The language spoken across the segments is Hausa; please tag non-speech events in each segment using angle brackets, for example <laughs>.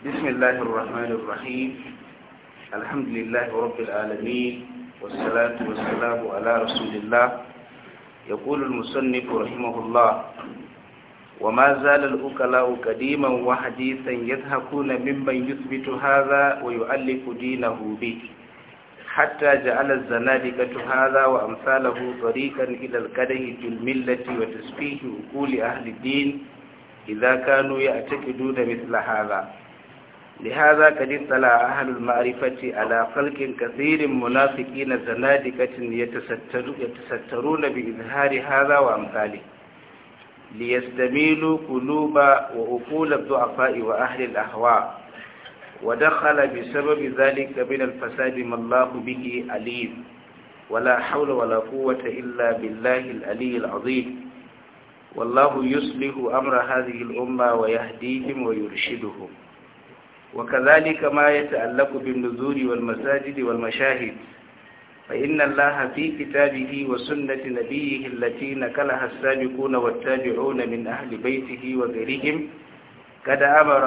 بسم الله الرحمن الرحيم الحمد لله رب العالمين والصلاة والسلام على رسول الله يقول المصنف رحمه الله وما زال الأكلاء قديما وحديثا يذهكون ممن يثبت هذا ويؤلف دينه به حتى جعل الزنادقة هذا وأمثاله طريقا إلى الكره في الملة وتسفيه أقول أهل الدين إذا كانوا يعتقدون مثل هذا لهذا قد اطلع أهل المعرفة على خلق كثير منافقين زنادقة يتسترون بإظهار هذا وأمثاله ليستميلوا قلوب وعقول الضعفاء وأهل الأهواء ودخل بسبب ذلك من الفساد ما الله به أليم ولا حول ولا قوة إلا بالله الألي العظيم والله يصلح أمر هذه الأمة ويهديهم ويرشدهم وكذلك ما يتعلق بالنذور والمساجد والمشاهد فإن الله في كتابه وسنة نبيه التي نكلها السابقون والتابعون من أهل بيته وغيرهم قد أمر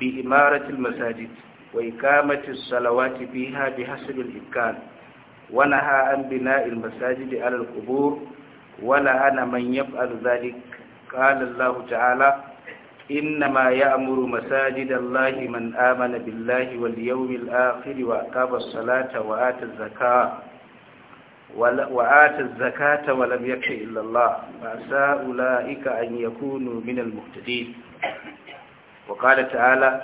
بإمارة المساجد وإقامة الصلوات فيها بحسب الإمكان ونهى عن بناء المساجد على القبور ولعن من يفعل ذلك قال الله تعالى إنما يأمر مساجد الله من آمن بالله واليوم الآخر وأقام الصلاة وآت الزكاة وآت الزكاة ولم يكش إلا الله فعسى أولئك أن يكونوا من المهتدين وقال تعالى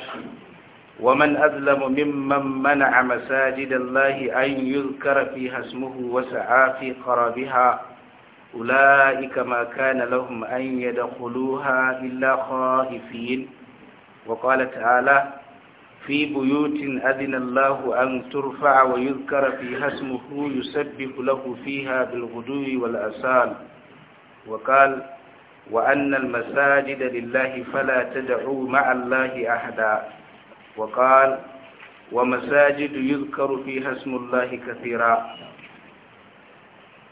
ومن أظلم ممن منع مساجد الله أن يذكر فيها اسمه وسعى في قرابها أولئك ما كان لهم أن يدخلوها إلا خائفين وقال تعالى في بيوت أذن الله أن ترفع ويذكر فيها اسمه يسبح له فيها بالغدو والأسال وقال وأن المساجد لله فلا تدعوا مع الله أحدا وقال ومساجد يذكر فيها اسم الله كثيرا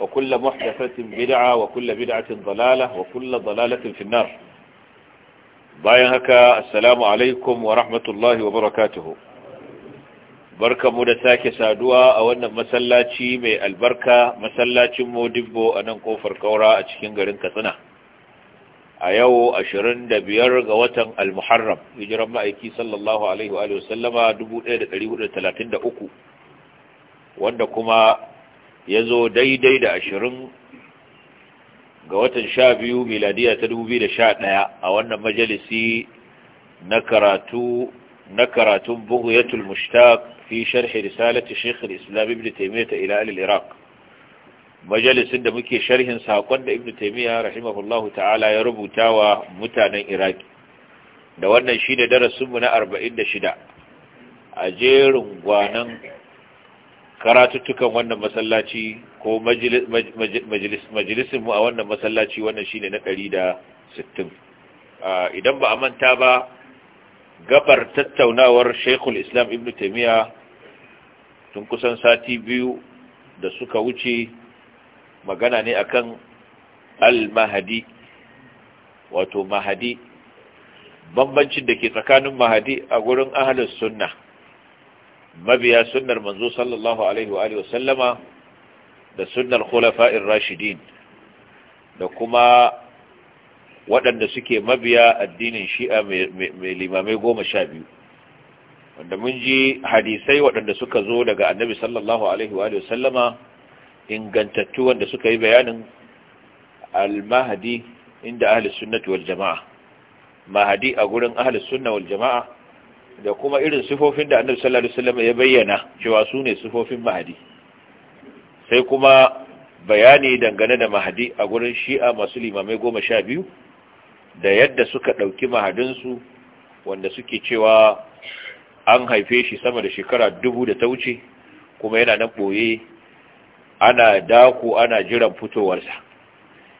وكل محدثة بدعة وكل بدعة ضلالة وكل ضلالة في النار bayan haka assalamu alaikum wa rahmatullahi wa barakatuhu barkamu da sake saduwa a wannan masallaci mai albarka masallacin modibbo a nan kofar kaura a cikin garin katsina a yau 25 ga watan al-muharram hijiran ma'aiki sallallahu alaihi wa sallama 1433 wanda kuma ya zo daidai da ashirin ga watan sha biyu miladiya ta dubu biyu da sha ɗaya a wannan majalisi na karatun bughyatul mushtaq fi sharhi risalati shaykh al-islam ibn taymiyyah ta al-iraq majalisin da muke sharhin sakon da ibn taymiyyah rahimahullahu ta'ala ya rubuta wa mutanen iraq da wannan shi darasin mu na 46 a jerin gwanan karatuttukan wannan masallaci ko majalisinmu a wannan masallaci wannan shi ne na 160 idan ba a manta ba gabar tattaunawar shekul islam ibn taimiyya tun kusan sati biyu da suka wuce magana ne akan al-mahadi wato mahadi bambancin da ke tsakanin mahadi a gurin ahalus sunna mabiya sunnar manzo sallallahu alaihi wa alihi wasallama da sunnar khulafa'ir rashidin da kuma waɗanda suke mabiya addinin shi'a mai limamai goma sha biyu wanda mun ji hadisai waɗanda suka zo daga annabi sallallahu alaihi wa sallama ingantattu wanda suka yi bayanin al-mahdi inda ahli sunnati wal jama'a mahdi a gurin ahli sunna wal jama'a da kuma irin sifofin da annabi sallallahu alaihi wasallam ya bayyana cewa su ne sifofin mahadi sai kuma bayani dangane da mahadi a gurin shi'a masu limamai goma sha biyu da yadda suka ɗauki mahadinsu wanda suke cewa an haife shi sama da shekara dubu da ta wuce kuma yana nan ɓoye ana dako ana jiran fitowarsa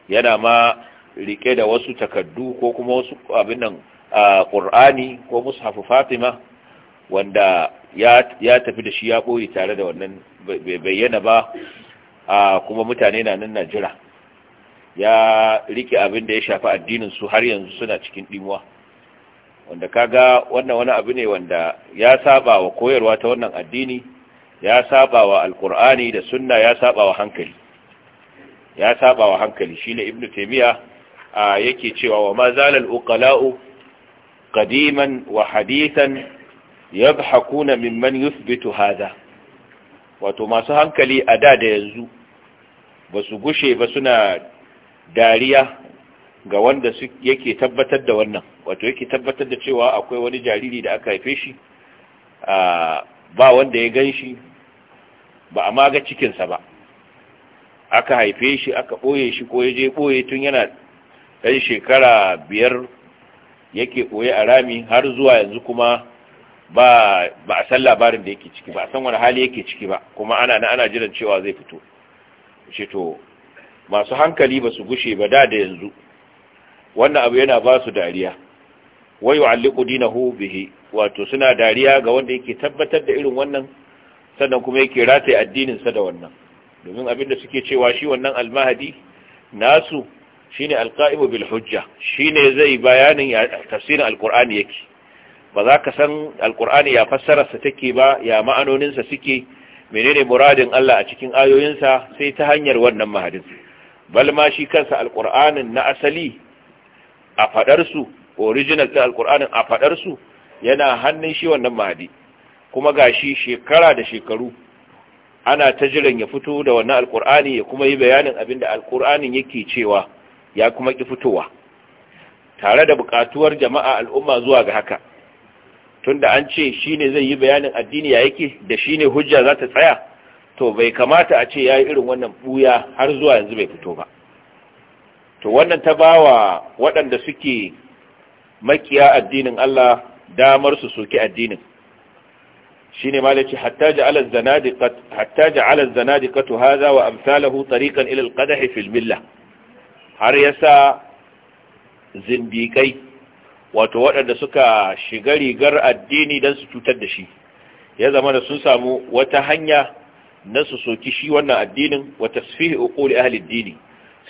yana ma riƙe da wasu takardu ko kuma wasu abin nan Ƙur'ani ko mushafu fatima wanda ya tafi da shi ya ɓoye tare da wannan bayyana ba kuma mutane na nan najira ya rike abin da ya shafi addinin su har yanzu suna cikin dimuwa wanda kaga wannan wani abu ne wanda ya saba wa koyarwa ta wannan addini ya saba wa alkur'ani da sunna ya saba wa hankali ya saba wa hankali shine ibnu taymiya yake cewa wa ma zalal uqala'u قديما وحديثا يضحكون ممن يثبت hada. wato masu hankali a da da yanzu ba su gushe ba suna dariya ga wanda yake tabbatar da wannan wato yake tabbatar da cewa akwai wani jariri da aka haife shi ba wanda ya gan shi ba a maga cikinsa ba aka haife shi aka ɓoye shi ko ya je ɓoye tun yana ɗan shekara biyar yake koye a rami har zuwa yanzu kuma ba a san labarin da yake ciki ba a san wani hali yake ciki ba kuma ana na ana jiran cewa zai fito shi to masu hankali ba su gushe ba da da yanzu wannan abu yana ba su dariya wa yu'alliqu dinahu bihi wato suna dariya ga wanda yake tabbatar da irin wannan sannan kuma yake rataye addinin sa da wannan domin abinda suke cewa shi wannan almahadi nasu shine alqa'imu bil hujja shine zai bayanin tafsirin alqur'ani yake ba za ka san alqur'ani ya fassararsa take ba ya ma'anoninsa suke menene muradin Allah a cikin ayoyinsa sai ta hanyar wannan mahadin bal ma shi kansa alqur'anin na asali a faɗarsu, su original din alqur'anin a faɗarsu, yana hannun shi wannan mahadi kuma ga shi shekara da shekaru ana ta jiran ya fito da wannan alqur'ani ya kuma yi bayanin abinda alqur'anin yake cewa ya kuma ki fitowa tare da buƙatuwar jama'a al'umma zuwa ga haka tunda an ce shi ne zai yi bayanin addini ya yake da shi ne hujja za ta tsaya to bai kamata a ce ya yi irin wannan buya har zuwa yanzu bai fito ba to wannan ta bawa waɗanda suke makiya addinin Allah damar su soki addinin ne ma lace hatta ja'ala zanadiqat hatta ja'ala haza wa amsalahu tariqan ila al-qadh har ya sa zindikai wato waɗanda suka shiga rigar addini don su cutar da shi ya zama da sun samu wata hanya na su soki shi wannan addinin wa tasfihi uquli ahli addini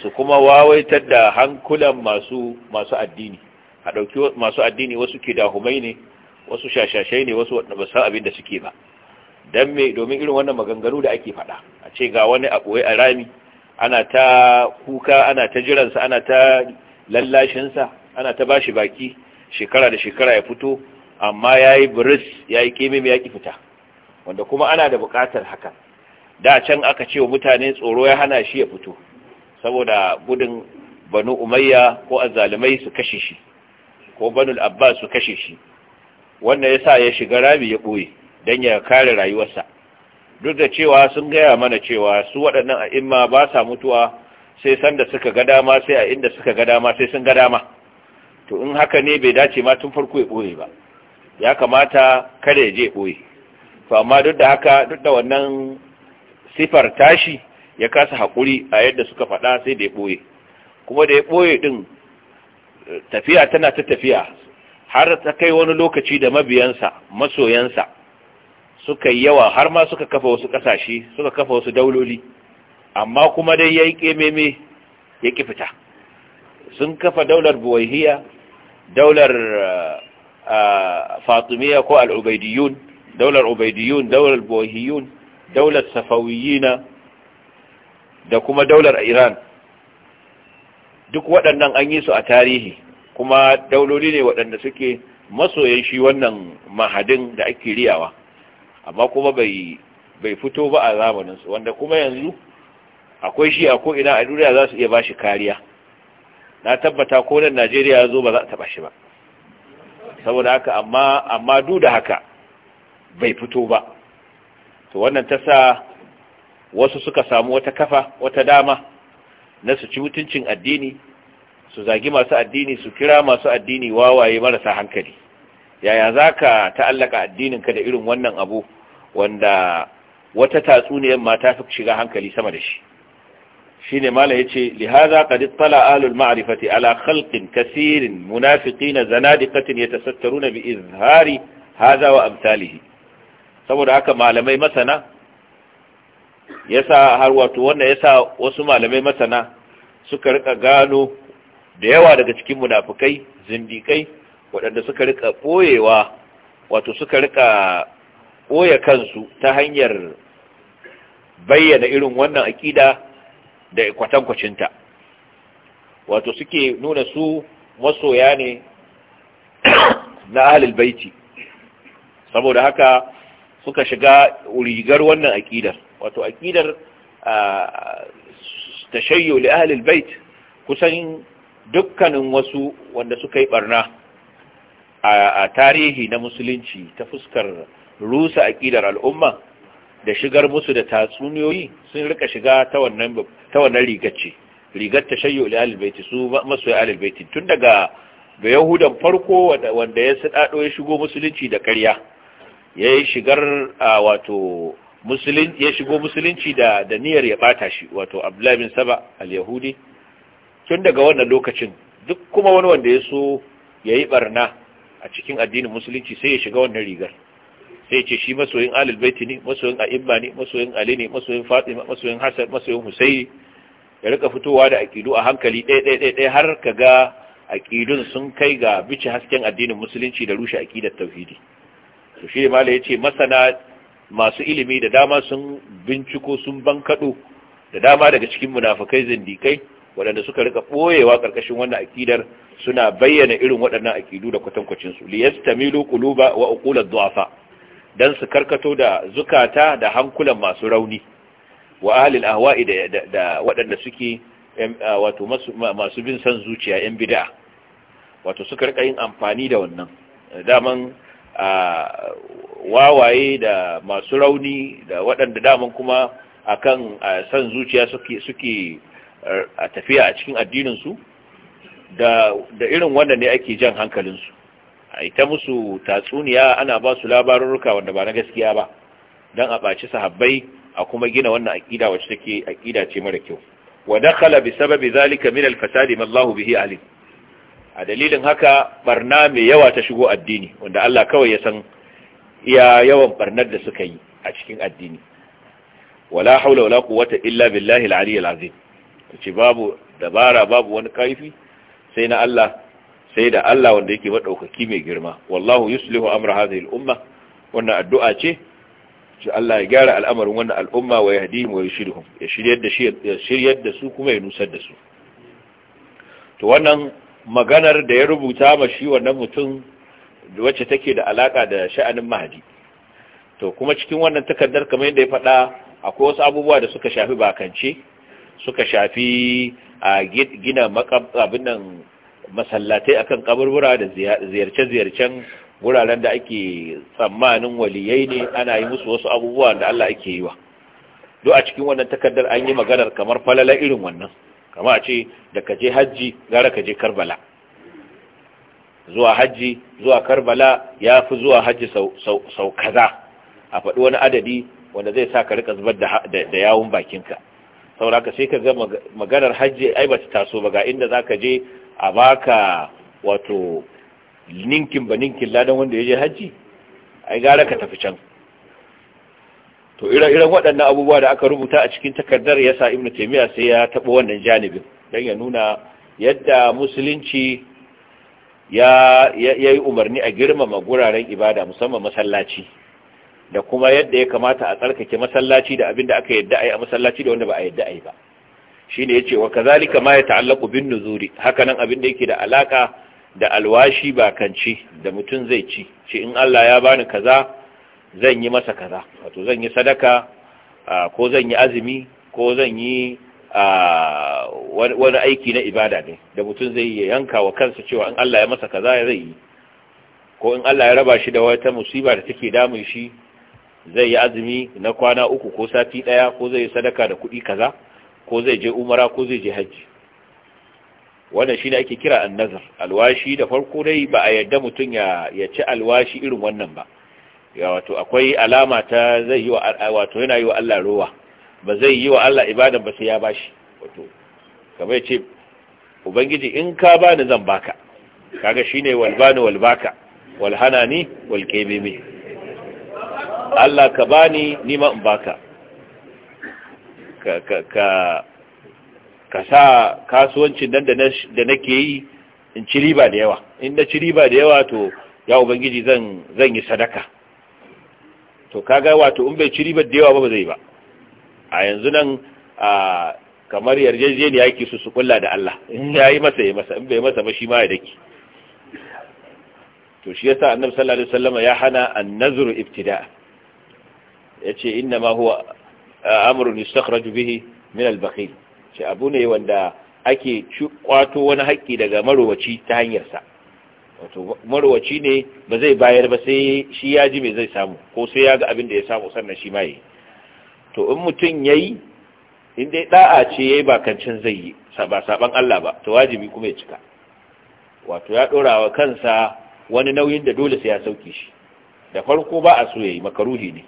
su kuma wawaitar da hankulan masu addini a ɗauki masu addini wasu ke da ne wasu shashashai ne wasu wanda ba san abin da suke ba Don me domin irin wannan maganganu da ake faɗa a ce ga wani a ɓoye a rami ana ta kuka ana ta jiransa ana ta lallashinsa ana ta bashi baki shekara da shekara ya fito amma ya yi biris ya yi kemim ya ki fita wanda kuma ana da buƙatar haka da can aka ce wa mutane tsoro ya hana shi ya fito saboda gudun banu umayya ko azalimai su kashe shi ko banu abbas su kashe shi wannan ya sa ya shiga rami ya ɓoye don ya kare rayuwarsa duk da cewa sun gaya mana cewa su waɗannan a'imma ba sa mutuwa sai sanda suka ga dama sai a inda suka ga dama sai sun ga dama to in haka ne bai dace ma tun farko ya ɓoye ba ya kamata kada ya je ɓoye to amma duk da haka duk da wannan sifar tashi ya kasa haƙuri a yadda suka faɗa sai da ya ɓoye kuma da ya ɓoye ɗin tafiya tana ta tafiya har ta kai wani lokaci da mabiyansa masoyansa suka yi yawa har ma suka kafa wasu ƙasashe, suka kafa wasu dauloli amma kuma dai ya yi kememe ya ki fita sun kafa daular buwaihiya daular eh, eh, fatimiyya ko al daular Ubaidiyun, daular buwaihiyun daular safawiyina da kuma daular iran duk waɗannan an yi su a tarihi kuma dauloli ne waɗanda suke masoyan shi wannan mahadin da ake riyawa amma kuma bai fito ba a zamaninsu wanda kuma yanzu akwai shi a ko'ina a duniya za su iya ba shi kariya na tabbata ko nan najeriya ya zo ba za a taba shi ba saboda haka amma du da haka bai fito ba to wannan ta sa wasu suka samu wata kafa wata dama na su ci mutuncin addini su zagi masu addini su kira masu addini wawaye marasa hankali yaya za ka ta'allaka ka da irin wannan abu wanda wata tatsuniyar mata ta shiga hankali sama da shi shine mala ce lihaza qad ittala alul ma'arifati ala khalqin katin ya tasattaru na bi izhari haza wa amsalihi saboda haka malamai masana ya sa har wato wannan sa wasu malamai masana suka rika gano da yawa daga cikin munafikai zindikai waɗanda suka rika ɓoyewa wato suka rika ɓoye kansu ta hanyar bayyana irin wannan aƙida da kwatankwacinta wato suke nuna su masoya ne <coughs> na ahalil baiti saboda haka suka shiga rigar wannan aƙidar wato aƙidar tashayyo li ahalil bait kusan dukkanin wasu wanda suka yi barna a tarihi na musulunci ta fuskar rusa aƙidar al'umma da shigar musu da tatsuniyoyi sun rika shiga ta wannan ta wannan rigar ce rigar tashayyu ila albayti su masoyi tun daga da yahudan farko wanda ya sadado ya shigo musulunci da ƙarya yayin shigar wato musulun ya shigo musulunci da da niyyar ya bata shi wato Abdullah bin Saba al-Yahudi tun daga wannan lokacin duk kuma wani wanda ya so yayi barna a cikin addinin musulunci sai ya shiga wannan rigar sai ce shi masoyin alil baiti ne masoyin a'imma ne masoyin ali ne masoyin fatima masoyin hasan masoyin husaini ya rika fitowa da aqidu a hankali ɗaya ɗaya ɗaya har ka ga aqidun sun kai ga bici hasken addinin musulunci da rushe aqidar tauhidi to shi ne malai yace masana masu ilimi da dama sun binciko sun bankado da dama daga cikin munafikai zindikai waɗanda suka rika ɓoyewa ƙarƙashin wannan aƙidar suna bayyana irin waɗannan aƙidu da kwatankwacin su yastamilu quluba wa uqulad du'afa dan su karkato da zukata da hankulan masu rauni wa ahlil ahwa'i da, da, waɗanda suke wato masu bin san zuciya yan bid'a wato su karka yin amfani da wannan daman wawaye da masu rauni da waɗanda daman kuma akan san zuciya suke suke a tafiya a cikin addininsu da da irin wannan ne ake jan hankalinsu a ita musu tatsuniya ana ba su labarurruka wanda ba na gaskiya ba don a ɓaci sahabbai a kuma gina wannan aƙida wacce take aƙida ce mara kyau wa dakhala bi sababi zalika min al-fasadi ma Allahu bihi alim a dalilin haka barna mai yawa ta shigo addini wanda Allah kawai ya san iya yawan barnar da suka yi a cikin addini wala haula wala quwwata illa billahi al-ali al-azim ce babu dabara babu wani kaifi sai na Allah sai da Allah wanda yake maɗaukaki mai girma wallahu yuslihu amra hadhihi al-umma wannan addu'a ce shi Allah ya gyara al'amarin wannan al'umma wa yahdihim wa yushirihum ya shiryar da shi ya shiryar da su kuma ya nusar da su to wannan maganar da ya rubuta ma shi wannan mutum wacce take da alaka da sha'anin mahadi to kuma cikin wannan takardar kamar yadda ya faɗa akwai wasu abubuwa da suka shafi bakance suka shafi a gina abin nan masallatai akan kaburbura da ziyarce-ziyarcen wuraren da ake tsammanin waliyai ne ana yi musu wasu abubuwa da Allah ake yi wa duk a cikin wannan takardar an yi maganar kamar falala irin wannan kama a ce da kaje hajji gara kaje karbala zuwa hajji zuwa karbala ya fi zuwa hajji sau kaza a faɗi wani adadi wanda zai sa ka rika zubar da yawun bakinka sauraka sai ka ga maganar hajji ai ba ta taso ba ga inda za ka je a baka wato ninkin ba ninkin ladan wanda ya je hajji ai gara ka tafi can to ire-iren waɗannan abubuwa da aka rubuta a cikin takardar ya sa ibnu taimiya sai ya taɓa wannan janibin don ya nuna yadda musulunci ya yi umarni a girmama guraren ibada musamman masallaci da kuma yadda ya kamata a tsarkake masallaci da abin da aka yadda a yi a masallaci da wanda ba a yadda a yi ba shine yace wa kazalika ma yata'allaqu bin nuzuri hakanan abin da yake da alaka da alwashi ba kanci da mutun zai ci shi in Allah ya bani kaza zan yi masa kaza wato zan yi sadaka ko zan yi azumi ko zan yi wani aiki na ibada ne da mutun zai yi yanka wa kansa cewa in Allah ya masa kaza ya zai yi ko in Allah ya raba shi da wata musiba da take damun shi zai yi azumi na kwana uku ko sati daya ko zai yi sadaka da kuɗi kaza ko zai je umara ko zai je hajji wannan shi ne ake kira annazar alwashi da farko dai ba a yadda mutum ya ya ci alwashi irin wannan ba ya wato akwai alama ta zai yi wa wato yana yi wa Allah ruwa ba zai yi wa Allah ibadan ba sai ya bashi wato kamar yace ubangiji in ka bani zan baka kaga shine walbani walbaka walhanani walkebebe Allah ka bani nima in baka ka sa kasuwancin nan da nake yi in ci riba da yawa in na ci riba da yawa to ya ubangiji zan yi sadaka to kaga wato in bai ci riba da yawa ba zai ba a yanzu nan a kamar yarjejeniya yake su su kulla da Allah in ya yi masa ya masa in bai masa ba shi ma ya daki to shi yasa annabi sallallahu alaihi wasallam ya hana an-nazru ibtida yace inna ma huwa amrun yustakhraju bihi min al-bakhil shi abu ne wanda ake kwato wani haƙƙi daga marowaci ta hanyarsa wato marowaci ne ba zai bayar ba sai shi ya ji me zai samu ko sai ya ga abin da ya samu sannan shi ma yi to in mutum yayi in dai da'a ce yayi kancin zai yi ba saban Allah ba to wajibi kuma ya cika wato ya dora wa kansa wani nauyin da dole sai ya sauke shi da farko ba a so yayi makaruhi ne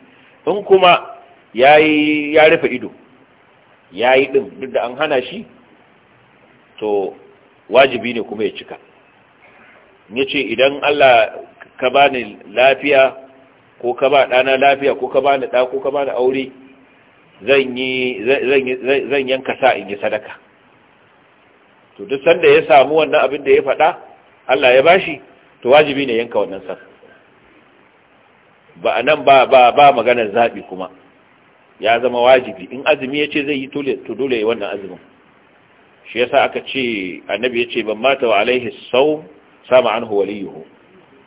in kuma yayi ya rufe ido yayi din duk da an hana shi to wajibi ne kuma ya cika yace idan Allah ka bani lafiya ko ka ba ɗana lafiya ko ka bani ɗa ko ka bani aure zan yanka sa in yi sadaka to duk sanda ya samu wannan abin da ya faɗa Allah ya bashi to wajibi ne yanka wannan sa ba anan ba ba ba maganar zabi kuma ya zama wajibi in azumi ya ce zai yi to dole ya wannan azumin shi yasa aka ce annabi ya ce ban mata wa alaihi sau sama an huwaliyu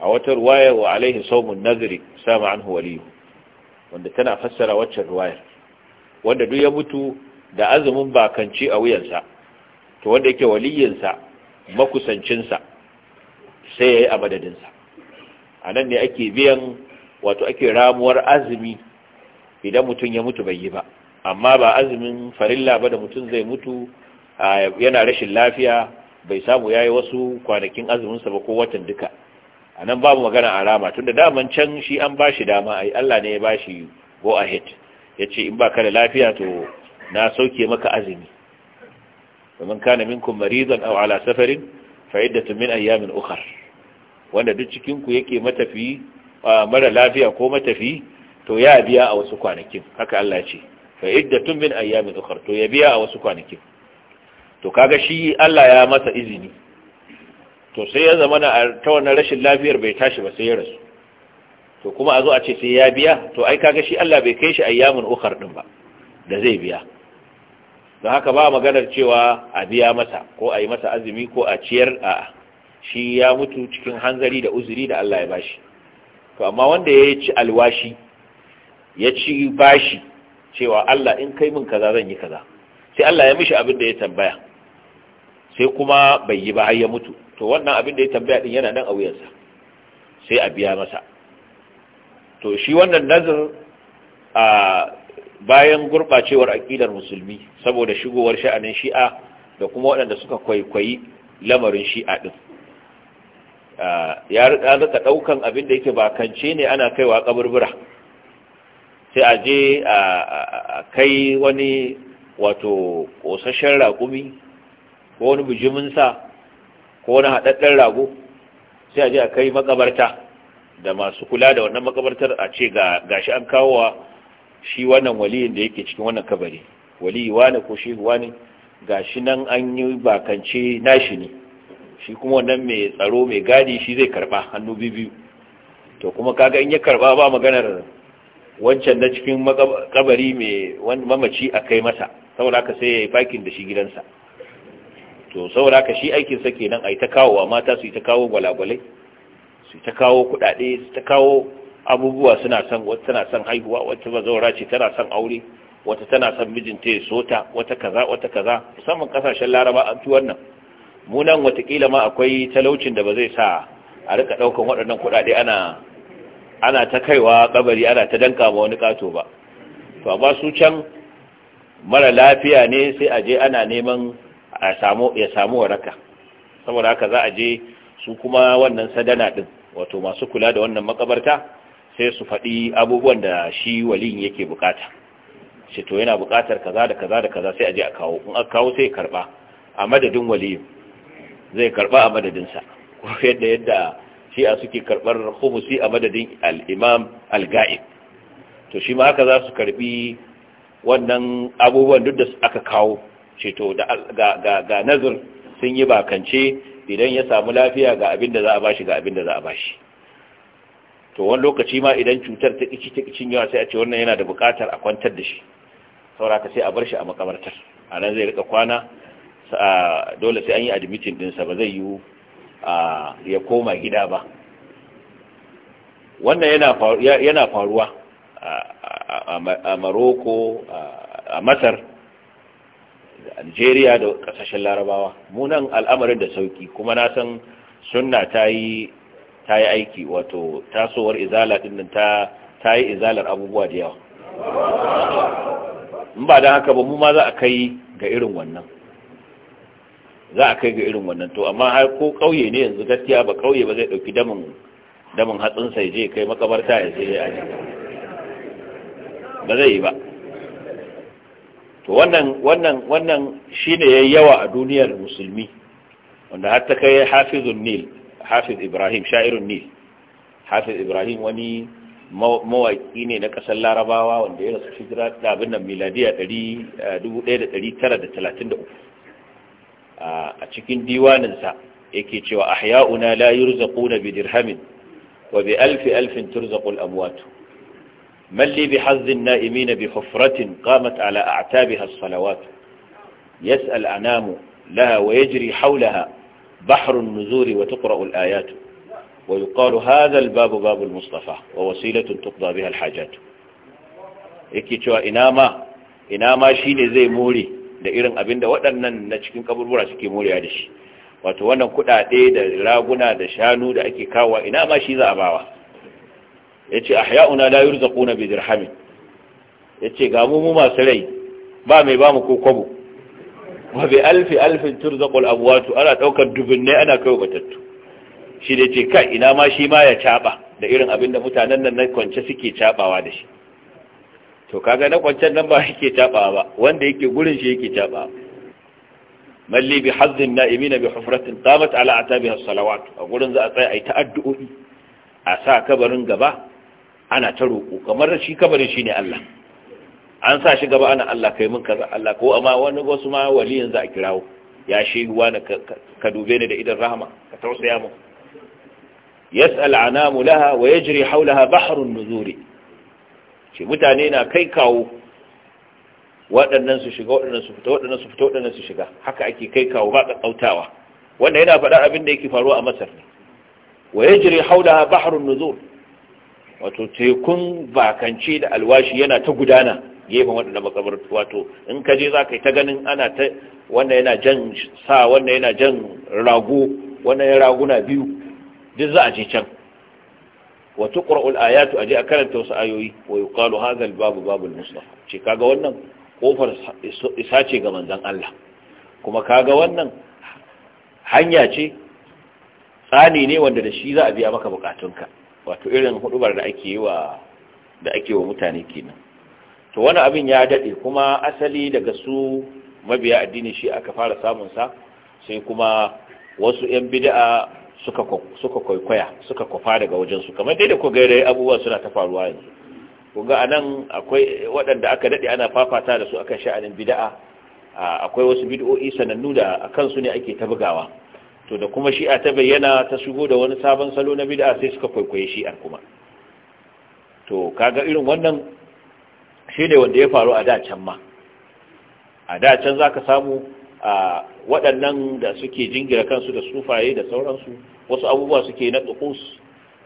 a wata ruwaya wa alaihi mun nazari sama an huwaliyu wanda tana fassara waccan ruwayar wanda duk ya mutu da azumin bakanci a wuyansa to wanda yake waliyinsa makusancinsa sai ya yi a madadinsa a nan ne ake biyan wato ake ramuwar azumi idan mutum ya mutu bai yi ba amma ba azumin farilla ba da mutum zai mutu yana rashin lafiya bai samu yayi wasu kwanakin azuminsa ba ko watan duka a nan babu magana a rama da daman can shi an bashi dama ai Allah ne ya bashi go ahead yace in baka da lafiya to na sauke maka azumi faman kana minkum maridan aw ala safarin fa iddatun min ayamin ukhra wanda duk cikin ku yake matafi mara lafiya ko matafi to ya biya a wasu kwanakin haka Allah ya ce fa iddatun min ayyamin ukhra to ya biya a wasu kwanakin to kaga shi Allah ya masa izini to sai ya zama na ta wannan rashin lafiyar bai tashi ba sai ya rasu to kuma a zo a ce sai ya biya to ai kaga shi Allah bai kai shi ayyamin ukhar din ba da zai biya don haka ba maganar cewa a biya masa ko a yi masa azumi ko a ciyar a shi ya mutu cikin hanzari da uzuri da Allah ya bashi to amma wanda ya ci alwashi ya ci bashi cewa Allah in kai min kaza zan yi kaza sai Allah ya mishi abin da ya tambaya sai kuma bai yi ba har ya mutu to wannan abin da ya tambaya din yana nan a wuyansa sai a biya masa to shi wannan nazar a bayan gurbacewar aqidar musulmi saboda shigowar sha'anin shi'a da kuma waɗanda suka kwaikwayi lamarin shi'a din ya rika daukan abin da yake bakance ne ana kaiwa kaburbura sai a je a kai wani wato ƙosashen raƙumi ko wani bijiminsa ko wani haɗaɗɗen rago sai a je a kai makabarta da masu kula da wannan makabartar a ce ga shi an kawo wa shi wannan waliyin da yake cikin wannan kabari waliyi wane ko shi wane ga shi nan an yi bakance nashi ne shi kuma wannan mai tsaro mai gadi shi zai karba hannu biyu to kuma kaga in ya karba ba maganar wancan na cikin kabari mai mamaci a kai masa saboda ka sai ya yi fakin da shi gidansa to saboda ka shi aikinsa kenan a yi ta mata su yi ta kawo gwalagwalai su ta kawo kudade su ta kawo abubuwa suna son wata tana son haihuwa wata zaura ce tana son aure wata tana son mijinta ya sota wata kaza wata kaza musamman kasashen laraba an fi wannan mu nan watakila ma akwai talaucin da ba zai sa a rika daukan waɗannan kudade ana ana ta kaiwa kabari ana ta danka ma wani kato ba to amma su can mara lafiya ne sai a je ana neman a samu ya samu waraka saboda haka za a je su kuma wannan sadana din wato masu kula da wannan makabarta sai su faɗi abubuwan da shi walin yake bukata shi to yana bukatar kaza da kaza da kaza sai a je a kawo in aka kawo sai karba a madadin waliyin zai karba a madadinsa ko yadda yadda shi'a suke karɓar khumusi a madadin al-imam al-ga'ib to shi ma haka za su karbi wannan abubuwan duk da aka kawo ceto ga ga nazar sun yi bakance idan ya samu lafiya ga abin da za a bashi ga abin da za a bashi to wani lokaci ma idan cutar ta kici ta kicin yawa sai a ce wannan yana da bukatar a kwantar da shi sauraka sai a bar shi a makamartar a nan zai rika kwana dole sai an yi admitting dinsa ba zai yiwu ya koma gida ba wannan yana faruwa a maroko a masar da algeria da kasashen larabawa munan al'amarin da sauki kuma na san sunna ta yi aiki wato tasowar izala dinnan ta yi izalar abubuwa da yawa ba don haka ba mu ma za a kai ga irin wannan za a kai ga irin wannan to amma har ko kauye ne yanzu gaskiya ba kauye ba zai dauki damin damin hatsin sai je kai makabarta ya je ya ba zai yi ba to wannan wannan wannan shine yayi yawa a duniyar musulmi wanda har ta kai hafizun nil hafiz ibrahim sha'irun nil hafiz ibrahim wani mawaki ne na kasar larabawa wanda ya rasu shigira da abin nan miladiya 1933 a cikin diwaninsa yake cewa ahya'una la yurzaquna bi dirhamin wa bi alfi alfin turzaqul amwat man li bi hazzin na'imin bi hufratin qamat ala a'tabiha as-salawat yas'al anamu laha wa yajri hawlaha بحر النزور وتقرأ الآيات ويقال هذا الباب باب المصطفى ووسيلة تقضى بها الحاجات yake cewa ina ma ina ma shine zai more da irin abin da waɗannan na cikin kaburbura suke morewa da shi wato wannan kuɗaɗe da raguna da shanu da ake kawo ina ma shi za a bawa ya ce ahya'una la yurzaquna bai zirhamin ya ce ga mu masu rai ba mai ba mu ko kwabo wa bai alfi alfin turzaqul wato ana ɗaukar ne, ana kai batattu shi da ce kai ina ma shi ma ya caba da irin abin da mutanen nan na kwance suke cabawa da shi to kaga na kwancan nan ba yake taba ba wanda yake gurin shi yake taba malli bi hazzin na'imina bi hufratin qamat ala atabiha salawat a gurin za a tsaya ai a sa kabarin gaba ana ta roƙo kamar shi kabarin shine Allah an sa shi gaba ana Allah kai mun kaza Allah ko amma wani wasu ma waliyin za a kirawo ya shehu wani ka dube ni da idan rahama ka tausaya mu yas'al anamu laha wa yajri hawlaha bahrun nuzuri ce mutane na kai kawo waɗannan su shiga waɗannan su fita waɗannan su fita waɗannan su shiga haka ake kai kawo ba ka tsautawa wanda yana faɗa abin da yake faruwa a masar ne wa ya jire haula baharun nuzul wato tekun bakance da alwashi yana ta gudana gefen waɗanda makabar wato in ka je za ka yi ta ganin ana ta wannan yana jan sa wannan yana jan rago wannan ya raguna biyu duk za a je can wa tuqra'u al tu aje a karanta wasu ayoyi wa yuqalu hadha al-babu babul mustafa ce kaga wannan kofar isa ce ga manzan Allah kuma kaga wannan hanya ce tsani ne wanda da shi za a biya maka bukatunka wato irin hudubar da ake yi wa da ake wa mutane kenan to wani abin ya dade kuma asali daga su mabiya addini shi aka fara samun sa sai kuma wasu yan bid'a suka kwaikwaya suka kwafa daga wajen su kamar dai da ku gaire abubuwa suna ta faruwa yanzu ku ga anan akwai waɗanda aka dade ana fafata da su akan sha'anin bida'a, akwai wasu bid'o'i sanannu da akan su ne ake ta bugawa to da kuma shi'a ta bayyana ta shigo da wani sabon salo na bid'a sai suka kwaikwaye shi'ar kuma to kaga irin wannan shine wanda ya faru a da can ma a da can zaka samu a waɗannan da suke jingira kansu da sufaye da sauransu wasu abubuwa suke na tsukus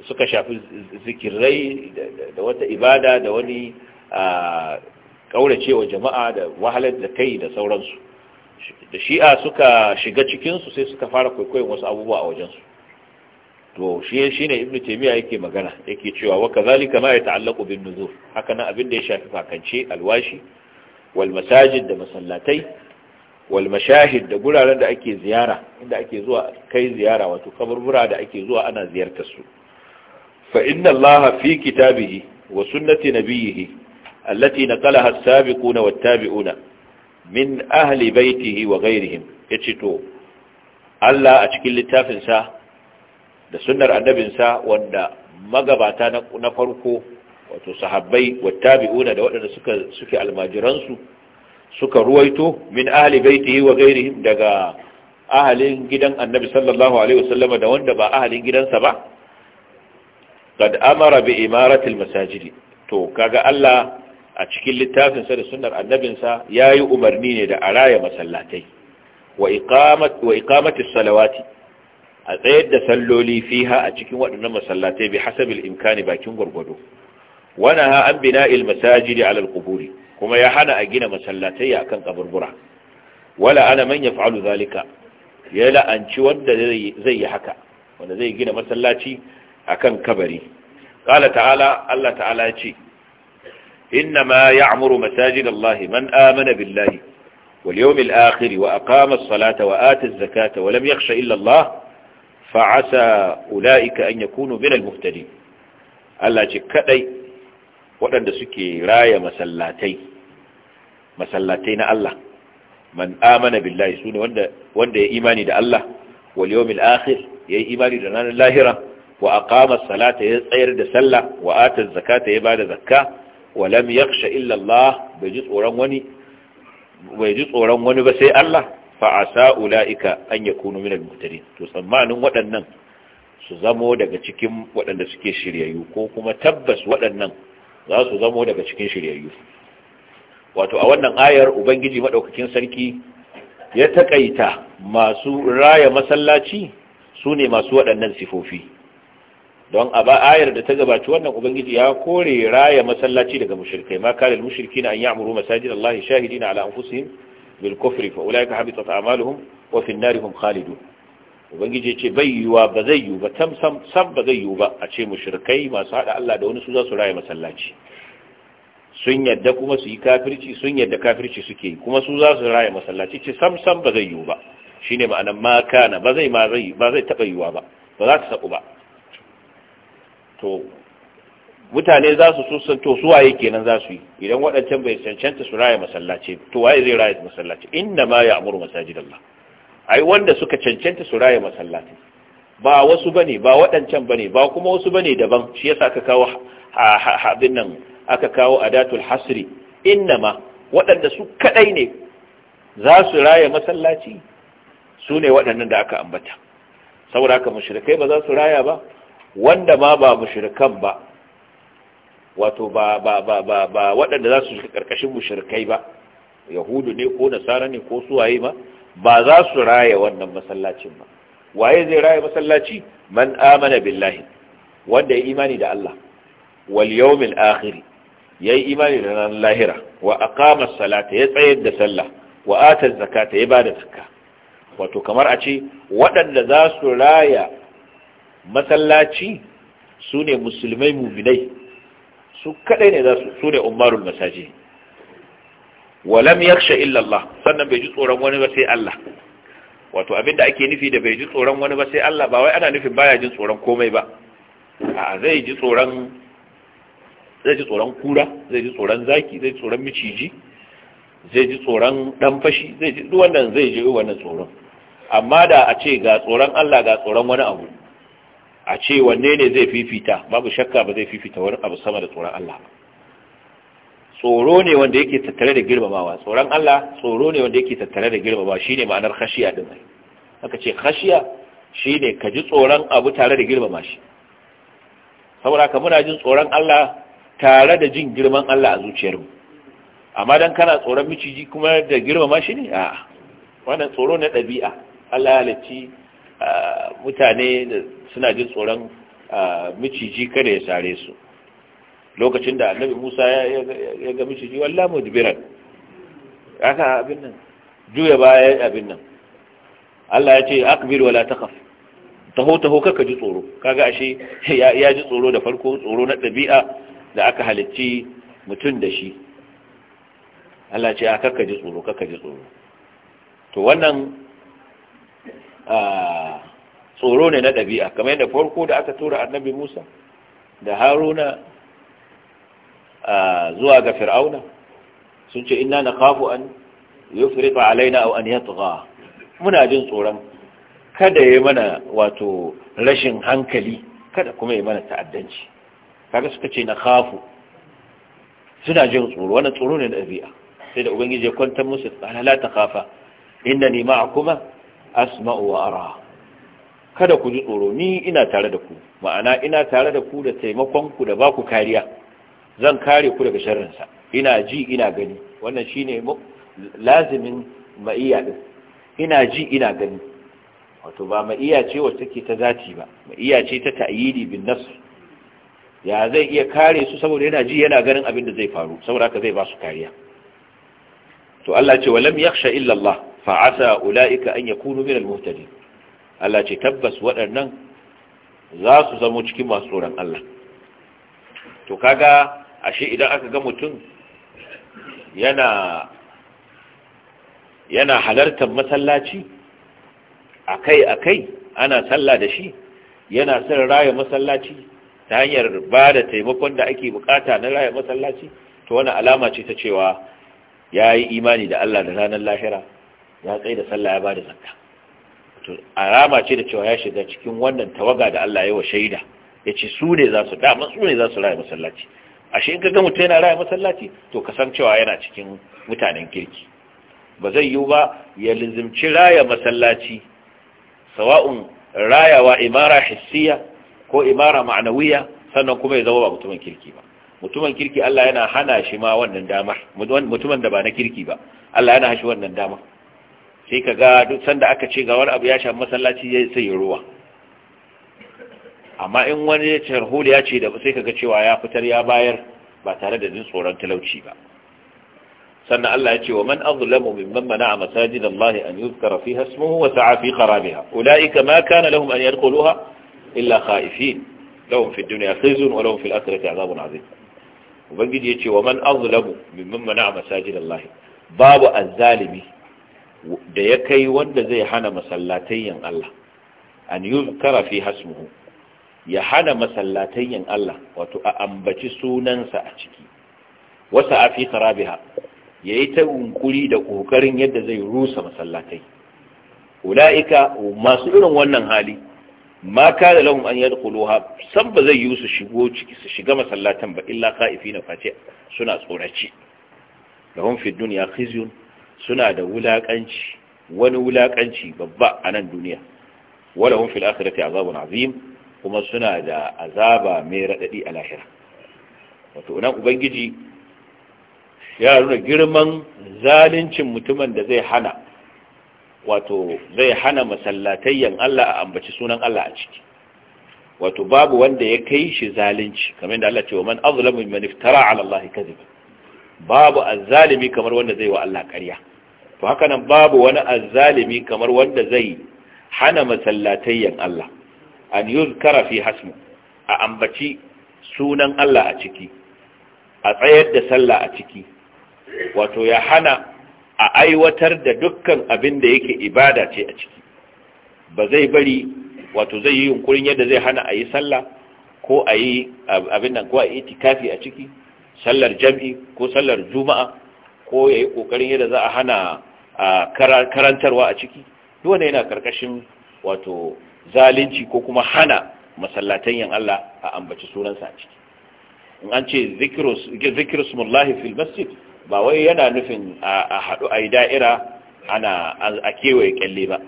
suka shafi zikirai da wata ibada da wani wa jama'a da wahalar da kai da sauransu da shi'a suka shiga cikinsu sai suka fara kwaikwayon wasu abubuwa a wajensu to shi ne ibnu taimiyya yake magana yake cewa waka zalika ma ya ta'allaku bin nuzur haka nan abin da ya shafi fakance alwashi wal masajid da masallatai walmashahid da guraren da ake ziyara inda ake zuwa kai ziyara wato kaburbura da ake zuwa ana ziyartar su fa inna Allah fi kitabihi wa sunnati nabiyhi allati naqalaha as-sabiquna wat-tabi'una min ahli baitihi wa ghayrihim yace to Allah a cikin littafin sa da sunnar annabinsa wanda magabata na farko wato sahabbai wattabi'una da waɗanda suka suke almajiransu suka ruwaito min ahli baitihi wa ghairihim daga ahalin gidan annabi sallallahu alaihi wasallama da wanda ba ahalin gidansa ba qad amara bi imaratil masajid to kaga Allah a cikin littafin sa da sunnar annabinsa yayi umarni ne da araya masallatai wa iqamat wa iqamatis salawati a tsayar da salloli fiha a cikin waɗannan masallatai bi hasabil imkani bakin gurgudu wa ha an bina'il masajidi ala al-quburi kuma ya hana a gina masallatai akan kan kaburbura wala ana man ya fa’alu zalika ya la’anci wanda zai yi haka wanda zai gina masallaci akan kabari ƙala ta’ala allah ta’ala ce inna ma ya amuru masajin allahi man amana billahi wal yau mil akiri wa a kama salata wa atis zakata wa lam ya kusa illallah fa’asa ula’ika an ya kunu min al-muftari Allah ce waɗanda suke raya masallatai masallatai na Allah man amana billahi sune wanda wanda ya imani da Allah wal yawmil akhir yayi imani da ranar lahira wa aqama as-salata ya tsayar da sallah wa ata az-zakata ya bada zakka wa lam yakhsha illa Allah bai ji tsoron wani bai ji tsoron wani ba sai Allah fa asa ulaika an yakunu minal muhtadin to tsammanin waɗannan su zamo daga cikin waɗanda suke shiryayyu ko kuma tabbas waɗannan za su zamo daga cikin shiryayyu wato a wannan ayar ubangiji madaukakin sarki ya takaita masu raya masallaci su ne masu waɗannan sifofi don a ba ayar da ta gabaci wannan ubangiji ya kore raya masallaci daga mushirkai ma mushiriki mushriki na an ya'muru masajid Allah shahidina ala anfusihim bil kufri fa ulaika habitat a'maluhum wa fi khalidun ubangiji ce bai yiwuwa ba zai yiwu ba tam sam sam ba zai yiwu ba a ce mushrikai masu hada Allah da wani su za su raye masallaci sun yadda kuma su yi kafirci sun yadda kafirci suke kuma su za su raye masallaci ce sam sam ba zai yiwu ba shine ma'ana ma kana ba zai ma zai ba zai taba yiwa ba ba za su sabu ba to mutane za su susan to su waye kenan za su yi idan waɗancan bai cancanta su raye masallaci to waye zai raye masallaci inna ma ya'muru masajidallah ai wanda suka cancanta su raya masallaci ba wasu bane ba waɗancan bane ba kuma wasu bane daban shi yasa aka kawo abin nan aka kawo adatul hasri innama waɗanda su kadai ne za su raye masallaci su ne waɗannan da aka ambata saboda haka mushrikai ba za su raya ba wanda ma ba mushrikan ba wato ba ba ba ba ba waɗanda za su shiga ƙarƙashin mushrikai ba yahudu ne ko nasara ne ko suwaye ma ba za su raya wannan masallacin ba waye zai raya masallaci man amana billahi wanda ya imani da Allah wal yawmil akhir yayi imani da nan lahira wa aqama salata ya tsayar da sallah wa ata zakata ya bada zakka wato kamar a ce waɗanda za su raya masallaci su ne musulmai muminai su kadai ne su ne umarul masaji walam yaksha illa Allah sannan bai ji tsoron wani ba sai Allah wato abinda ake nufi da bai ji tsoron wani ba sai Allah ba wai ana nufin baya jin tsoron komai ba a zai ji tsoron zai ji tsoron kura zai ji tsoron zaki zai ji tsoron miciji zai ji tsoron dan fashi zai ji duk wannan zai ji wannan tsoron amma da a ce ga tsoron Allah ga tsoron wani abu a ce wanne ne zai fifita babu shakka ba zai fifita wani abu sama da tsoron Allah ba tsoro ne wanda yake tattare da girmamawa tsoron Allah tsoro ne wanda yake tattare da girmamawa shine ma'anar khashiya din nan aka ce khashiya shine ka ji tsoron abu tare da girmama shi saboda ka muna jin tsoron Allah tare da jin girman Allah a zuciyarmu amma dan kana tsoron miciji kuma da girmama shi ne a wannan tsoro na ɗabi'a Allah ya halicci ah, mutane suna jin tsoron ah, miciji kada ya sare su lokacin da annabi musa ya ga mishiji wallah mudbiran aka abin nan juya baya abin nan Allah ya ce akbir wala takaf taho taho kaka ji tsoro kaga ashe ya ji tsoro da farko tsoro na dabi'a da aka halicci mutum da shi Allah ce a kaka ji tsoro kaka ji tsoro to wannan tsoro ne na dabi'a kamar yadda farko da aka tura annabi Musa da Haruna zuwa ga fir'auna sun ce inna kafu an yufrita alaina a an yatgha muna jin tsoron kada yi mana wato rashin hankali kada kuma yi mana ta'addanci kaga suka ce na kafu. suna jin tsoro wani tsoro ne da dabi'a sai da ubangiji ya kwantar musu tsala la nema a kuma asma'u wa ara kada ku ji tsoro ni ina tare da ku ma'ana ina tare da ku da taimakon ku da baku kariya zan kare ku daga sharrinsa ina ji ina gani wannan shine lazimin ma'iya din ina ji ina gani wato ba ma'iya ce wacce take ta zati ba ma'iya ce ta ta'yidi bin ya zai iya kare su saboda yana ji yana ganin abin da zai faru saboda haka zai ba su kariya to Allah ce walam yakhsha illa Allah fa asa ulaika an yakunu min al-muhtadin Allah ce tabbas waɗannan za su zamo cikin masu tsoron Allah to kaga ashe idan aka ga mutum yana yana halartar masallaci akai-akai ana sallah da shi yana son raya masallaci ta hanyar ba da taimakon da ake bukata na raya masallaci to wani alama ce ta cewa ya yi imani da Allah da ranar lahira ya tsaye da sallah ya ba da zakka to alama ce da cewa ya shiga cikin wannan tawaga da Allah ya wa shaida ya ce su ne za su dama su ne za su raya masallaci ashe in kaga mutum yana raya masallaci to ka san cewa yana cikin mutanen kirki ba zai yiwu ba ya lizimci raya masallaci sawa'un rayawa imara hissiya ko imara ma'anawiya sannan kuma ya zama ba mutumin kirki ba mutumin kirki Allah yana hana shi ma wannan damar mutumin da ba na kirki ba Allah yana hashi wannan damar sai ka ga duk sanda aka ce ga wani abu ya sha masallaci sai ya ruwa amma in wani ya ce ya ce da sai kaga cewa ya fitar ya bayar ba tare da jin tsoron talauci ba sannan Allah ya ce wa man azlamu mimman mana'a masajid Allah an yuzkara fiha ismuhu wa sa'a fi kharabiha ulaika ma kana lahum an yadkhuluha illa khaifin lahum fi dunya khizyun wa lahum fil akhirati azabun azim ubangiji ya ce wa man azlamu mimman mana'a masajid Allah babu azzalimi da ya kai wanda zai hana masallatayyan Allah an yuzkara fi hasmuhu ya hana masallatai Allah wato a ambaci sunansa a ciki wasa afi tarabiha yayi ta unkuri da kokarin yadda zai rusa masallatai ulaika masu irin wannan hali ma da lahum an yadkhuluha san ba zai yi su shigo ciki su shiga masallatan ba illa khaifina face suna tsoraci lahum fi dunya khizyun suna da wulaƙanci, wani wulaƙanci babba a nan duniya wala hum fil akhirati azabun azim kuma suna da azaba mai raɗaɗi a lahira wato nan ubangiji ya nuna girman zalincin mutumin da zai hana wato zai hana masallatayyan Allah a ambaci sunan Allah a ciki wato babu wanda ya kai shi zalunci kamar yadda Allah ce wa man azlamu mimman iftara ala Allah kadhiba babu azzalimi kamar wanda zai wa Allah ƙarya to haka nan babu wani azzalimi kamar wanda zai hana masallatayyan Allah an yuzkara fi hasmu a ambaci sunan Allah a ciki a tsayar da sallah a ciki wato ya hana a aiwatar da dukkan abin da yake ibada ce a ciki ba zai bari wato zai yi yunkurin yadda zai hana a yi sallah ko a yi abin nan ko a yi itikafi a ciki sallar jam'i ko sallar juma'a ko ya yi ƙoƙarin yadda za a hana karantarwa a ciki duwane yana karkashin wato zalunci ko kuma hana masallatan yin Allah a ambaci sunansa a ciki in an ce mullahi fil masjid ba wai yana nufin a haɗu a yi da'ira ana a kewaye kyalle ba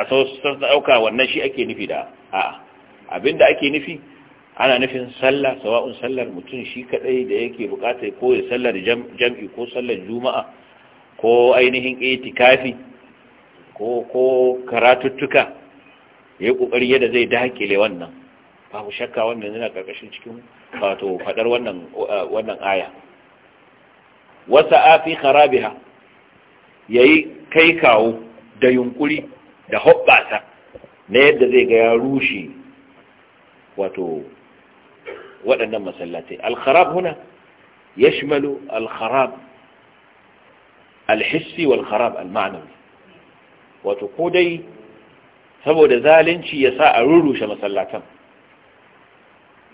a sun ɗauka wannan shi ake nufi da a abinda ake nufi ana nufin sallah sawa'un sallar mutum shi kadai da yake bukatar ko ya sallar jam'i ko sallar juma'a ko ainihin itikafi ko ko karatuttuka ya yi ƙoƙari yadda zai dakile wannan babu shakka wannan yana ƙarƙashin cikin wato faɗar wannan aya wasa afi harabiha ya yi kai kawo da yunkuri da hoɓɓasa na yadda zai ga ya rushe wato waɗannan masallatai alkharab huna ya al alkharab alhissi walkharab almanawi wato ko dai saboda zalunci ya sa a rurrushe masallatan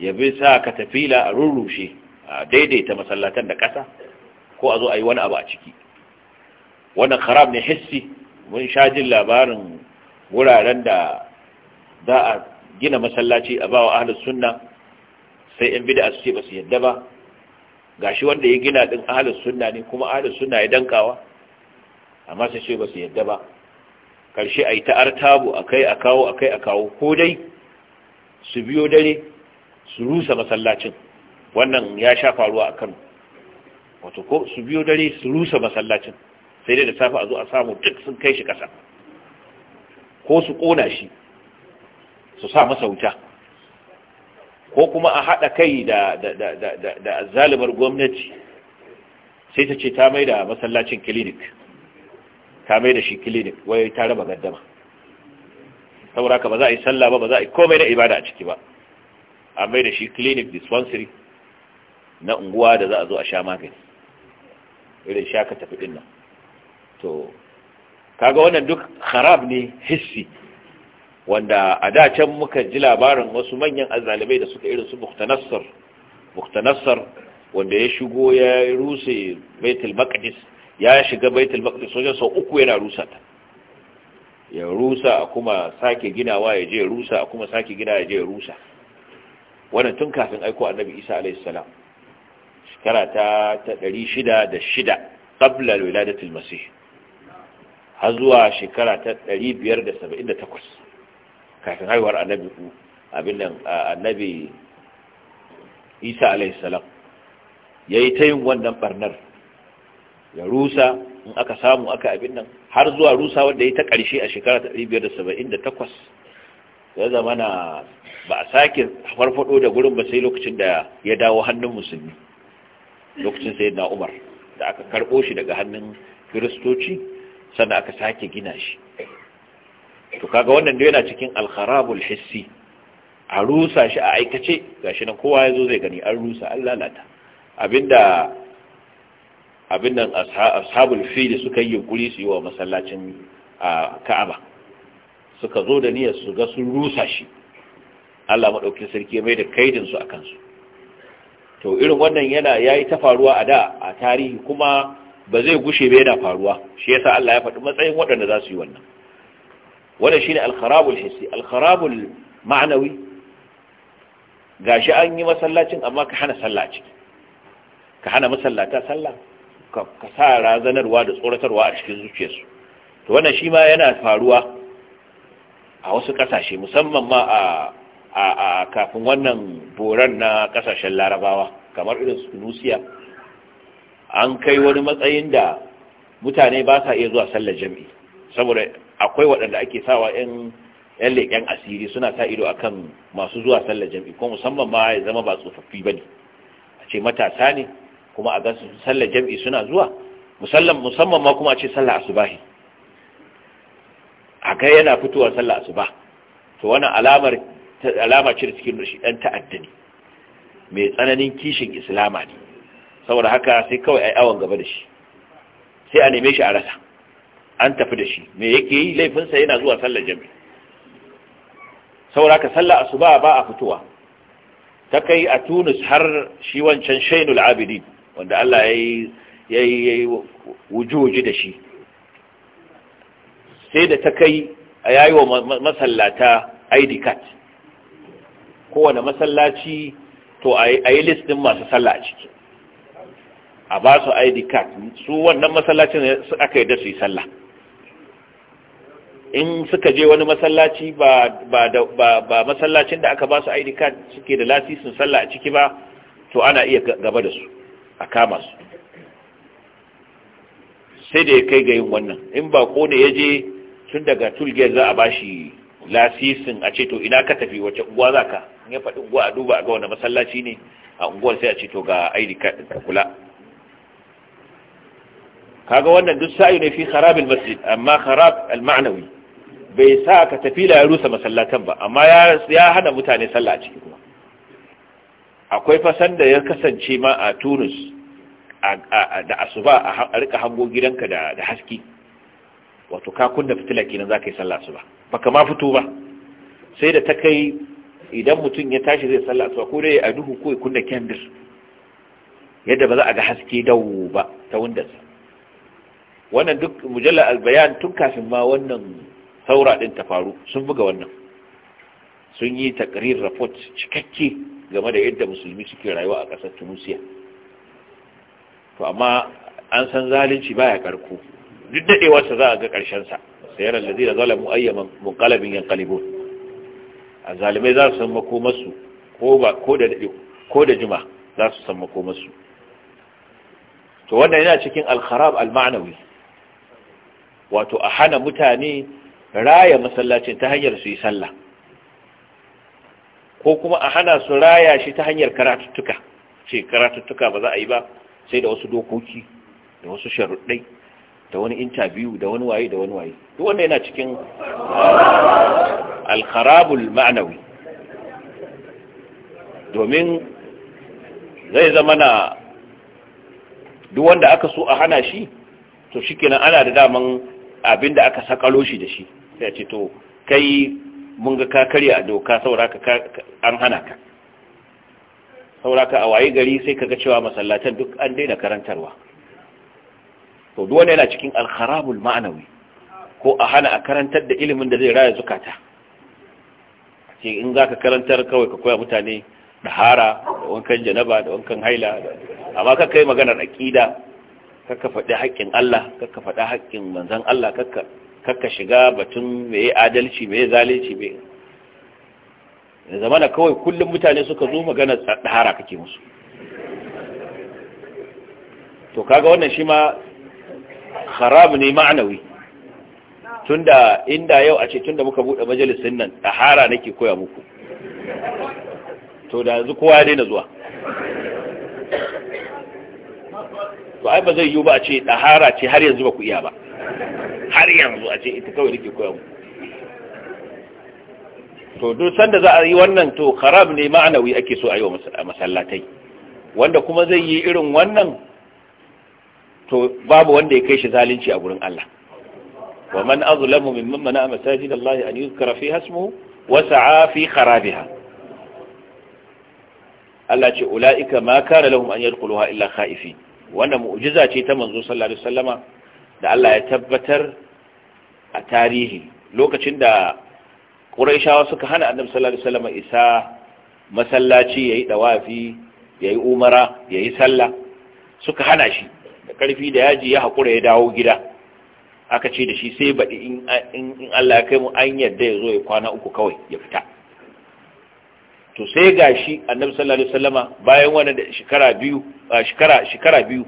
ya bi sa katafila a rurrushe a daidaita masallatan da ƙasa ko a zo a yi wani abu a ciki wannan kharab ne hissi mun sha jin labarin wuraren da za a gina masallaci a bawa ahlus sunna sai in bid'a su ce ba su yadda ba Ga shi wanda ya gina din ahlus sunna ne kuma ahlus sunna ya dankawa amma sai ce ba su yadda ba karshe a yi ta artabu a kai a kawo a kai a kawo ko dai su biyo dare su rusa masallacin wannan ya sha faruwa a kano wato ko su biyo dare su rusa masallacin sai dai da safe a zo a samu duk sun kai shi ƙasa ko su ƙona shi su sa masa wuta ko kuma a haɗa kai da zalimar gwamnati sai ta ce ta mai da masallacin clinic ta mai da shi klinik wai ta raba gaddama saboda ka ba za a yi sallah ba ba za a yi komai na ibada a ciki ba a mai da shi klinik dispensary na unguwa da za a zo a sha magani irin sha ka tafi dinnan to kaga wannan duk harab ne hissi wanda a da can muka ji labarin wasu manyan azalimai da suka irin su muktanassar muktanassar wanda ya shigo ya ruse baitul maqdis ya shiga baitul maqdis sojan sau uku yana rusa ta ya rusa a kuma sake ginawa ya je rusa a kuma sake gina ya je rusa wannan tun kafin aiko annabi isa alayhi salam shekara ta 606 qabla wiladatul masih har zuwa shekara ta 578 kafin haihuwar annabi ku abin nan annabi isa alayhi salam yayi ta yin wannan barnar ya rusa in aka samu aka abin nan har zuwa rusa wanda ya ta ƙarshe a shekara 1578 ya zama na ba a sake farfado da gurin ba sai lokacin da ya dawo hannun musulmi lokacin sai na umar da aka karɓo shi daga hannun kiristoci sannan aka sake gina shi to kaga wannan da yana cikin alkharabul hissi a rusa shi a aikace gashi nan kowa ya zo zai gani an rusa an lalata abinda abin nan ashabul fili suka yi yunkuri su yi wa masallacin ka'aba suka zo da niyyar su ga sun rusa shi Allah madaukakin sarki mai da kaidin su akan to irin wannan yana yayi ta faruwa a da a tarihi kuma ba zai gushe ba yana faruwa shi yasa Allah ya faɗi matsayin waɗanda za su yi wannan wannan shine al-kharabul hissi al ma'nawi gashi an yi masallacin amma ka hana sallah ka hana masallata sallah ka sa razanarwa da tsoratarwa a cikin zuciyarsu to wannan shi ma yana faruwa a wasu kasashe musamman ma a kafin wannan boran na kasashen larabawa kamar irin su tunisia an kai wani matsayin da mutane ba sa iya zuwa sallar jami'i saboda akwai waɗanda ake sawa 'yan yan leƙen asiri suna sa ido akan masu zuwa sallar jami'i ko musamman ma ya zama ba tsofaffi ba ne a ce matasa ne kuma a gan sallar jam'i suna zuwa musamman ma kuma a ce sallar asubahi kai yana fitowar sallar asuba to wannan alamar alama ce da cikin shi dan ta'adda ne mai tsananin kishin islama ne saboda haka sai kawai ai awon gaba da shi sai a neme shi a rasa an tafi da shi me yake yi laifinsa yana zuwa sallar jam'i? saboda haka sallar asuba ba a fitowa ta kai a Tunis har shi wancan Shainul Abidin wanda Allah ya yi wujoji da shi sai da ta kai a yayi wa masallata id card kowane masallaci to a yi listin masu sallah a ciki a ba su id card su wannan masallacin su aka yi da su yi sallah in suka je wani masallaci ba masallacin da aka ba su id card suke da lasisin sallah a ciki ba to ana iya gaba da su a kama su sai da ya kai ga yin wannan in ba ko ne ya je tun daga tulgiyar za a bashi lasisin a ce to ina ka tafi wace unguwa za ka in ya faɗi unguwa a duba a ga wani masallaci ne a unguwar sai a ce to ga aini ka kula kaga wannan duk sa'ayi ne fi kharabil masjid amma kharab al-ma'nawi bai sa ka tafi la rusa masallatan ba amma ya hana mutane sallah a ciki kuma akwai fasan da ya kasance ma a tunis da asuba a rika hango gidanka da haski wato ka kunna fitila kenan za ka yi sallah asuba ba ma fito ba sai da ta kai idan mutum ya tashi zai sallah asuba ko dai a duhu ko ya kunna kendir yadda ba za a ga haske dawo ba ta wundarsa. wannan duk mujallar albayan tun kafin ma wannan saura din ta faru sun buga wannan sun yi takarir report cikakke game da yadda musulmi suke rayuwa a ƙasar tunisia to amma an san zalunci baya karko duk daɗewarsa za a ga ƙarshensa sa. allazi da zalamu ayyaman munqalabin yanqalibun azalimai za su san makomarsu ko ba ko da ko da juma za su san makomarsu to wannan yana cikin al-kharab al-ma'nawi wato a hana mutane raya masallacin ta hanyar su yi sallah ko kuma a hana su raya shi ta hanyar karatuttuka ce karatuttuka ba za a yi ba sai da wasu dokoki da wasu sharuɗai da wani intabiyu da wani waye da wani waye duk wanda yana cikin alkharabul ma'anawi domin zai zama na duk wanda aka so a hana shi to shikenan ana da daman abin da aka sakalo shi da shi sai a ce to kai mun ga ka a doka sauraka an hana ka sauraka a waye gari sai kaga cewa masallatan duk an daina karantarwa to duk wanda yana cikin al-kharabul ma'anawi ko a hana a karantar da ilimin da zai raya zukata ce in zaka karantar kawai ka koya mutane dahara da wankan janaba da wankan haila amma ka kai maganar aqida kaka faɗi haƙƙin Allah kaka faɗi haƙƙin manzon Allah kakka shiga batun mai adalci mai zalunci mai da zamana kawai kullum mutane suka zo magana tsahara kake musu to kaga wannan shi ma haram ne ma'anawi tunda inda yau a ce tunda muka bude majalisin nan tsahara nake koya muku to da yanzu kowa ya daina zuwa to ai ba zai yiwu ba a ce tsahara ce har yanzu ba ku iya ba har yanzu a ce ita kawai nake koya muku to duk sanda za a yi wannan to haram ne ma'anawi ake so a yi wa masallatai wanda kuma zai yi irin wannan to babu wanda ya kai shi zalunci a gurin Allah wa man azlamu mimman mana masajid Allah an yuzkara fi hasmuhu wa sa'a fi kharabiha Allah ce ulaika ma kana lahum an yadkhuluha illa khaifin wannan mu'jiza ce ta manzo sallallahu alaihi wasallama da Allah ya tabbatar a tarihi lokacin da ƙuraishawa suka hana annabi sallallahu alaihi wasallam isa masallaci yayi dawafi yayi umara yayi sallah suka hana shi da karfi da yaji ya hakura ya dawo gida aka ce da shi sai baɗi in Allah ya kai mu an yadda ya zo ya kwana uku kawai ya fita to sai gashi annabi sallallahu alaihi wasallama bayan wannan shekara biyu shekara shekara biyu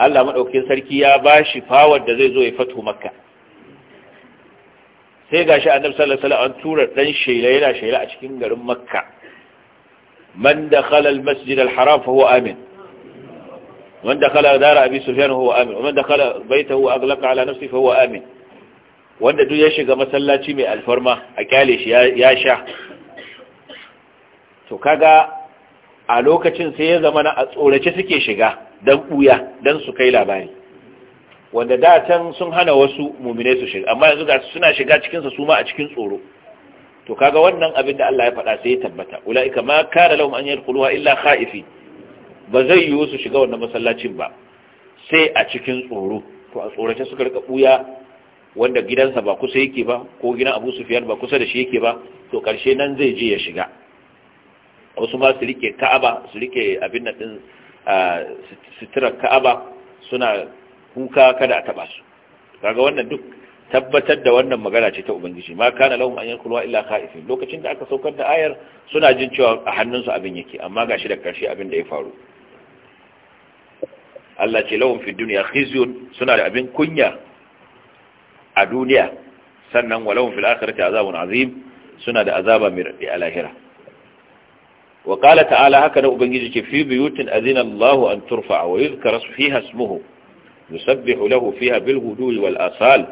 Allah maɗaukin sarki ya ba shi fawar da zai zo ya fato makka sai gashi annabi sallallahu alaihi wasallam an tura dan shela yana shela a cikin garin makka man dakhala almasjid alharam haram fa huwa amin man dakhala dar abi sufyan huwa amin man dakhala baytahu aghlaqa ala nafsi fa huwa amin wanda duk ya shiga masallaci mai alfarma a kyale shi ya sha to kaga a lokacin sai ya zama na a tsorace suke shiga don ɓuya don su kai labari wanda da can sun hana wasu mumine su shiga amma yanzu ga suna shiga cikinsa su ma a cikin tsoro to kaga wannan abin da Allah ya faɗa sai ya tabbata ula'ika ma kana lahum an yadkhuluha illa khaifi ba zai yiwu su shiga wannan masallacin ba sai a cikin tsoro to a tsorace suka rika buya wanda gidansa ba kusa yake ba ko gidan Abu Sufyan ba kusa da shi yake ba to karshe nan zai je ya shiga wasu ma su rike Ka'aba su rike abin nan din suturar ka'aba suna kuka kada a taba su kaga wannan duk tabbatar da wannan magana ce ta ubangiji ma kana lahum an yankulwa illa khaifin lokacin da aka saukar da ayar suna jin cewa a hannunsu abin yake amma gashi da karshe abin da ya faru Allah ce lahum fi dunya khizyun suna da abin kunya a duniya sannan walahum fil akhirati azabun azim suna da azaba mai rabi a lahira wa qala ta'ala haka na ubangiji ke fi buyutin azina Allahu an turfa wa yuzkara fiha ismuhu yusabbihu lahu fiha bil huduri wal asal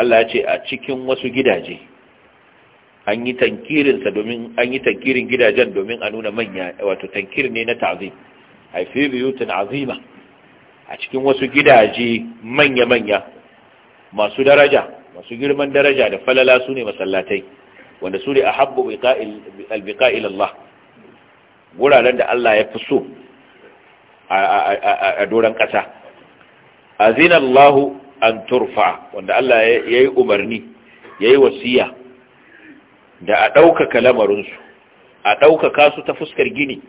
Allah ce a cikin wasu gidaje an yi tankirin domin an yi tankirin gidajen domin a nuna manya wato tankir ne na ta'zim ai fi buyutin azima a cikin wasu gidaje manya manya masu daraja masu girman daraja da falala su ne masallatai wanda su ne a Wuraren da Allah ya fi so a doron ƙasa A azinallahu an turfa wanda Allah ya yi umarni ya yi wasiya da a ɗaukaka lamarinsu a ɗaukaka su ta fuskar gini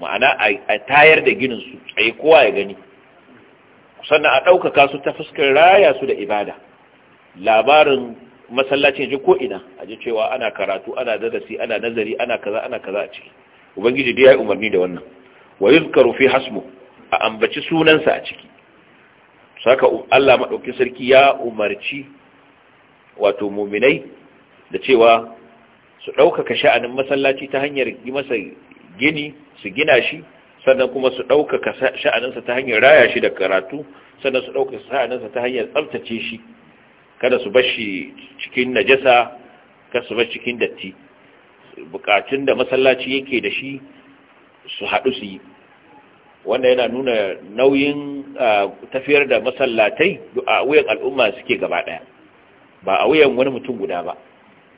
ma'ana a tayar da ginin gininsu tsaye kowa ya gani sannan a ɗaukaka su ta fuskar raya su da ibada labarin masallacin ji ko'ina a ji cewa ana karatu ana darasi ana nazari ana kaza ana kaza a ciki ubangiji dai ya umarni da wannan wa yuzkaru fi hasmu a ambaci sunansa a ciki saka Allah madaukin sarki ya umarci wato mu'minai da cewa su ɗaukaka sha'anin masallaci ta hanyar yi masa gini su gina shi sannan kuma su ɗaukaka sha'aninsa ta hanyar raya shi da karatu sannan su ɗaukaka sha'aninsa ta hanyar tsabtace shi kada su shi cikin najasa kada su bar cikin datti bukatun da masallaci yake da shi su haɗu su yi wanda yana nuna nauyin tafiyar da masallatai a wuyan al'umma suke gaba ɗaya ba a wuyan wani mutum guda ba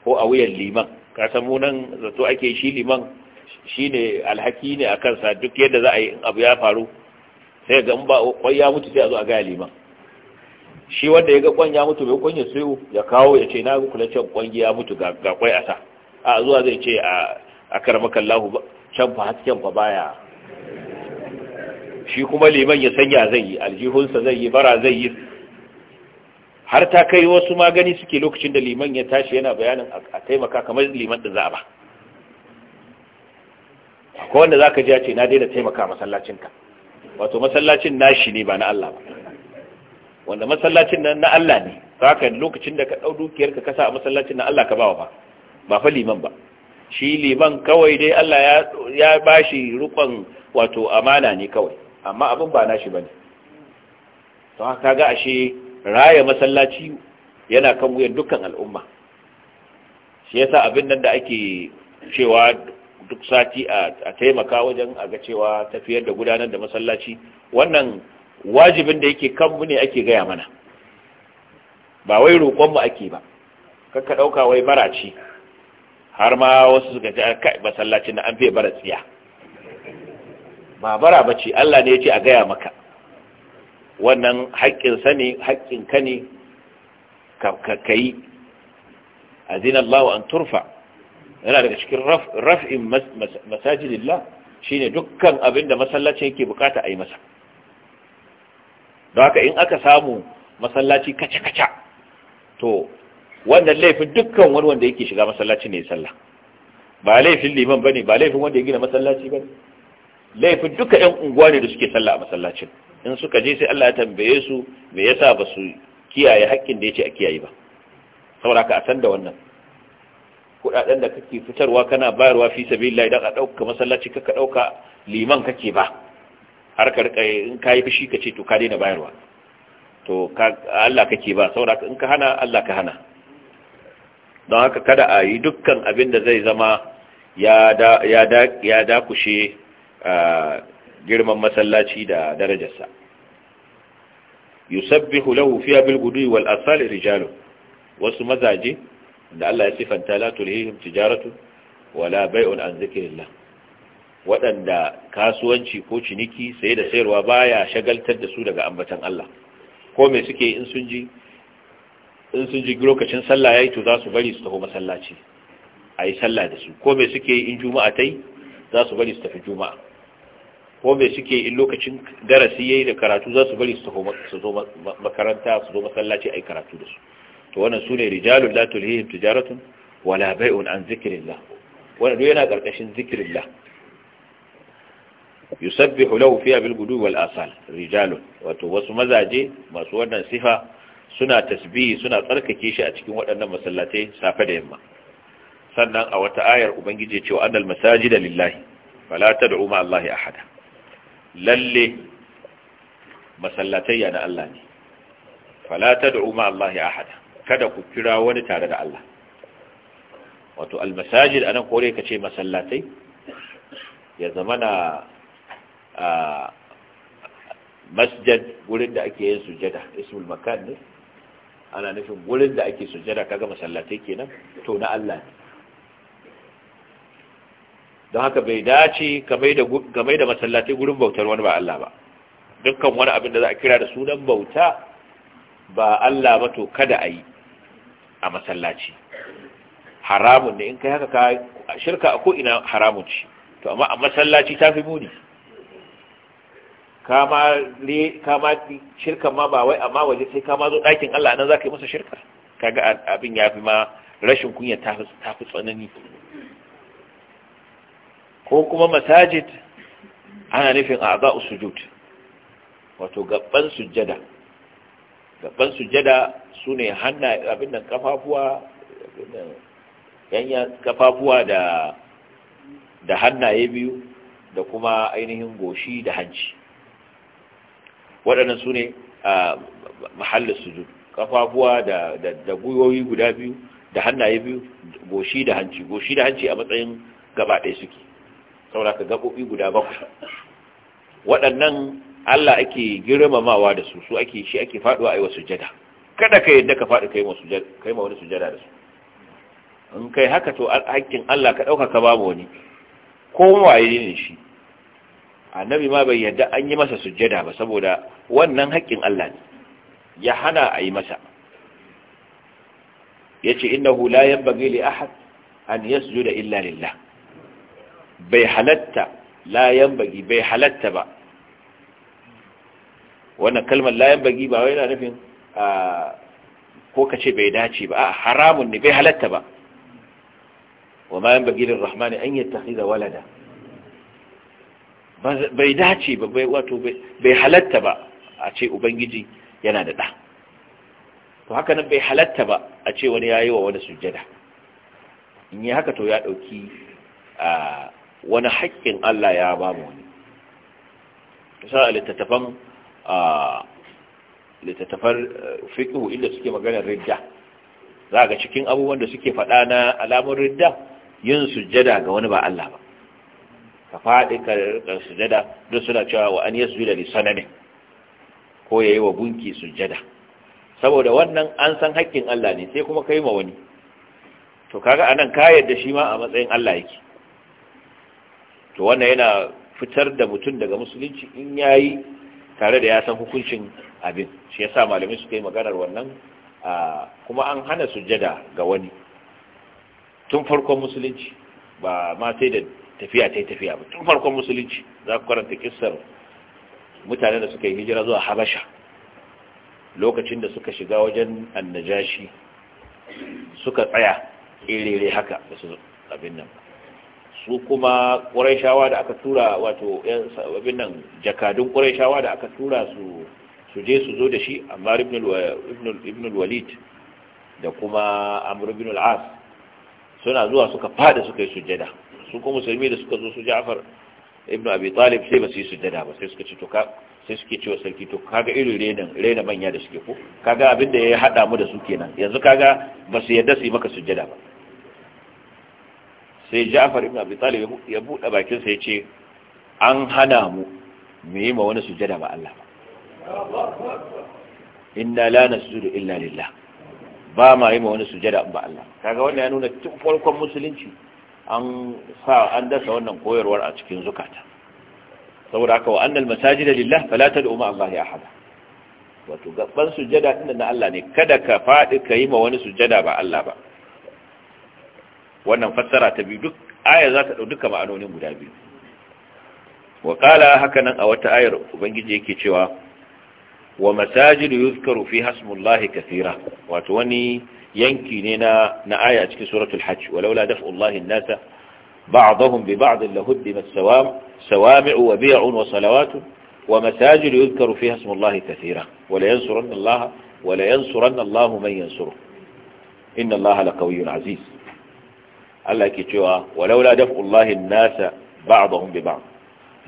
ko a wuyan liman kasan munan zato ake shi liman shi ne alhaki ne a kansa duk yadda za a yi in abu ya faru sai ga ba kwan ya mutu sai a zo a gaya liman shi wanda ya ga kwan ya mutu bai kwan ya sayo ya kawo ya ce na kula can kwan ya mutu ga kwai a sa a zuwa zai ce a karmakan lahu can fa hasken fa baya shi kuma liman ya sanya zai yi aljihunsa zai yi bara zai yi har ta kai wasu magani suke lokacin da liman ya tashi yana bayanin a taimaka kamar liman da za a ba akwai wanda za ka ji ce na daina taimaka masallacinka wato masallacin nashi ne ba na Allah ba wanda masallacin nan na Allah ne za ka lokacin da ka ɗau dukiyarka kasa a masallacin na Allah ka bawa ba ba fa liman ba shi liman kawai dai Allah ya bashi rukon wato amana ne kawai amma abin ba nashi bane to haka ga ashe raya masallaci yana kan wuyan dukkan al'umma shi yasa abin nan da ake cewa duk sati a taimaka wajen a ga cewa tafiyar da gudanar da masallaci wannan wajibin da yake kanmu ne ake gaya mana ba wai roƙonmu ake ba kakka ɗauka wai bara ce har ma wasu suka ce ah, kai masallacin na an fiye bara tsiya ba bara bace Allah ne ya ce a gaya maka wannan haƙƙin sani haƙƙin ka ne ka yi azinallahu an turfa yana daga cikin raf'in masajidillah shine dukkan abin da masallacin yake bukata a yi masa don haka in aka samu masallaci kaca-kaca to wannan laifin dukkan wani wanda yake shiga masallaci ne sallah ba laifin liman bane ba laifin wanda ya gina masallaci bane laifin duka ƴan unguwa ne da suke sallah a masallacin in suka je sai Allah ya tambaye su me yasa ba su kiyaye haƙƙin da yake a kiyaye ba saboda ka a san da wannan kudaden da kake fitarwa kana bayarwa fi sabilillah idan a dauka masallaci kaka dauka liman kake ba har ka rika in kai fishi kace to ka daina bayarwa to Allah kake ba saboda in ka hana Allah ka hana don haka kada a yi dukkan abin da zai zama ya dakushe girman masallaci da darajarsa Yusuf lahu fiha bil wal asali rijalu wasu mazaje da Allah ya sifanta la tulhihim tijaratu wala bai'un an zikrillah waɗanda kasuwanci ko ciniki sai da sayarwa baya shagaltar da su daga ambatan Allah ko me suke in sun ji in sun ji lokacin sallah ya yi to za su bari su tafi masallaci a yi sallah da su ko me suke yi in juma'a ta yi za su bari su tafi juma'a ko me suke in lokacin darasi ya yi da karatu za su bari su zo makaranta su zo masallaci a yi karatu da su to wannan su ne rijalun la tulhihim tijaratun wala bai'un an zikrillah wannan duk yana karkashin zikrillah yusabbihu lahu fiha bil gudu wal asal rijalun wato wasu mazaje masu wannan sifa suna tasbihi suna tsarkake shi a cikin waɗannan masallatai safe da yamma sannan a wata ayar ubangiji cewa ce wa annal masajida lillahi fala tad'u ma allahi ahada lalle masallatai na Allah ne fala tad'u ma allahi ahada kada ku kira wani tare da Allah wato almasajid anan kore kace masallatai ya zamana a ah, masjid gurin da ake yin sujada ismul makan ne ana nufin wurin da ake sujada kaga masallatai kenan to na Allah ne don haka bai dace game da masallatai gurin bautar wani ba Allah ba dukkan wani abin da za a kira da sunan bauta ba Allah ba to kada a yi a masallaci haramun ne in kai haka ka shirka a ko'ina haramun ci to amma a masallaci ta fi muni kama shirka ma ba wai amma waje sai kama zo ɗakin Allah nan ka yi masa shirka kaga abin yafi ma rashin kunya ta fi tsanani ko kuma masajid ana nufin a'za'u sujud wato gaban sujjada gaban sujjada sune hannu abin da kafafuwa yanya da hannaye biyu da kuma ainihin goshi da hanci waɗannan su ne mahallin su kafafuwa da guyoyi guda biyu da hannaye biyu goshi da hanci goshi da hanci a matsayin gaba ɗaya suke saboda ka gaɓoɓi guda bakwai waɗannan Allah ake girmamawa da su su ake shi ake faɗuwa a yi wa sujada kada ka yadda ka faɗi kai ma wani sujada da su in kai haka to hakkin Allah ka ɗauka ka ba wani ko waye ne shi annabi ma bai yadda an yi masa sujjada ba saboda wannan haƙƙin Allah ne ya hana a yi masa yace innahu la yanbaghi li ahad an yasjuda illa lillah bai halatta layan bagi, bai halatta ba wannan kalmar layan bagi ba wai na nufin ko ka ce bai dace ba a haramun ne bai halatta ba wa ma yanbaghi lirrahmani an yattakhidha walada bai dace ba bai wato bai halatta ba a ce ubangiji yana da ɗa to haka nan bai halatta ba a ce wani yayi wa wani sujjada in yi haka to ya ɗauki wani haƙƙin Allah ya ba mu wani a littattafan littattafan eh, fiqhu inda suke maganar ridda za ga cikin abubuwan da suke faɗa na alamun ridda yin sujjada ga wani ba Allah ba ka faɗi ka sujada duk suna cewa wa an yasjuda li sanamin ko yayi wa gunki sujada saboda wannan an san haƙƙin Allah ne sai kuma kai ma wani to kaga anan ka yarda shi ma a matsayin Allah yake to wannan yana fitar da mutum daga musulunci in yayi tare da ya san hukuncin abin shi yasa malamai suka yi maganar wannan kuma an hana sujada ga wani tun farkon musulunci ba ma sai da tafiya ta yi tafiya ba tun farkon musulunci za ku karanta kissar mutane da suka yi hijira zuwa habasha lokacin da suka shiga wajen annajashi suka tsaya irere haka da su abin nan su kuma shawa da aka tura wato abin nan jakadun shawa da aka tura su su je su zo da shi amma ibn da kuma Amur as suna zuwa suka fada suka yi sujada su kuma musulmi da suka zo su Ja'far ibn Abi Talib sai ba su yi sujjada ba sai suka ce to ka sai suke cewa sarki to kaga irin renan rena manya da suke ko kaga abin da ya hada mu da su kenan yanzu kaga ba su yadda su yi maka sujjada ba sai Ja'far ibn Abi Talib ya buɗe bakin sa ya ce an hana mu mu yi ma wani sujjada ba Allah ba inna la nasjudu illa lillah ba ma yi ma wani sujjada ba Allah kaga wannan ya nuna tun farkon musulunci an sa an dasa wannan koyarwar a cikin zukata saboda haka wa annal masajida lillah fala tad'u ma Allah ahada wato gaban sujada din na Allah ne kada ka fadi kai ma wani sujada ba Allah ba wannan fassara ta biyu duk aya za ta dau ma'anonin guda biyu wa qala hakanan a wata ayar ubangiji yake cewa ومساجد يذكر فيها اسم الله كثيرا واتوني ينكي لنا نعاية في سورة الحج ولولا دفع الله الناس بعضهم ببعض لهدمت سوام سوامع وبيع وصلوات ومساجد يذكر فيها اسم الله كثيرا ولينصرن الله ولينصرن الله من ينصره إن الله لقوي عزيز الله كتوا ولولا دفع الله الناس بعضهم ببعض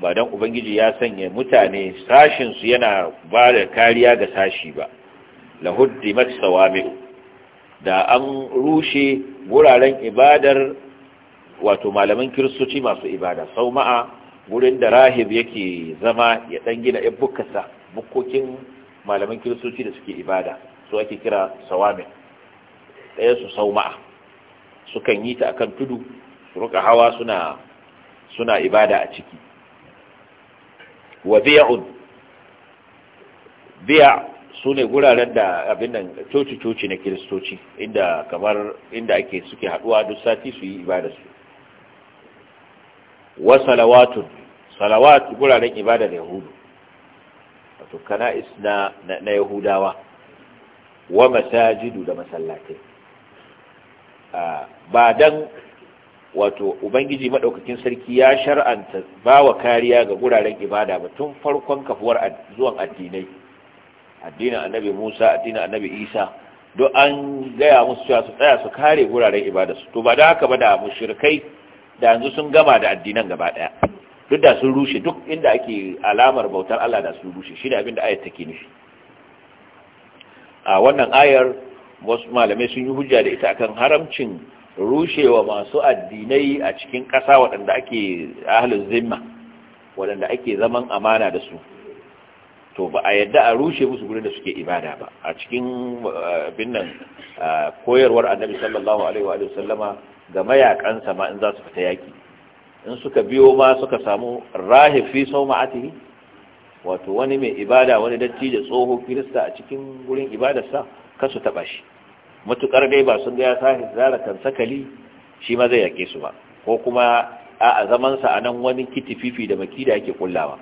ba don ubangiji ya sanya mutane sashinsu yana ba da kariya ga sashi ba lahuddi matsawami da an rushe wuraren ibadar wato malaman kiristoci masu ibada sau ma'a wurin da rahib yake zama ya ɗan gina ya bukasa bukkokin malaman kiristoci da suke ibada su ake kira sawami ɗaya su sau ma'a sukan yi ta akan tudu su ruka hawa suna ibada a ciki wa biya'un biya su ne guraren da abin nan coci-coci na kiristoci inda kamar inda ake suke haduwa duk sati su yi ibadarsu wa salawatun salawat guraren ibada da yahudu wato kana'is na, na yahudawa wa masajidu da masallatai ah, ba dan wato ubangiji madaukakin sarki ya shar'anta ba wa kariya ga guraren ibada ba tun farkon kafuwar zuwan addinai addinin annabi Musa addinin annabi Isa don an gaya musu cewa su tsaya su kare guraren ibada su to ba da haka ba da mushrikai da yanzu sun gama da addinan gaba daya duk da sun rushe duk inda ake alamar bautar Allah da sun rushe shi ne abin da ayar take nufi a wannan ayar wasu malamai sun yi hujja da ita akan haramcin rushewa masu addinai a cikin ƙasa waɗanda ake ahalin zimma waɗanda ake zaman amana da su to ba a yadda a rushe musu gudun da suke ibada ba a cikin eh, binnan eh, koyarwar annabi sallallahu alaihi wa ga mayakan sama in za su fita yaki in suka biyo ma suka samu rahifi sau ma'atihi wato wani mai ibada wani dattijo tsoho kirista a cikin gurin ibadarsa kasu taɓa shi matukar dai ba sun ga ya sahi zara kan sakali shi ma zai yake su ba ko kuma a zaman sa nan wani kiti fifi da maki da yake kullawa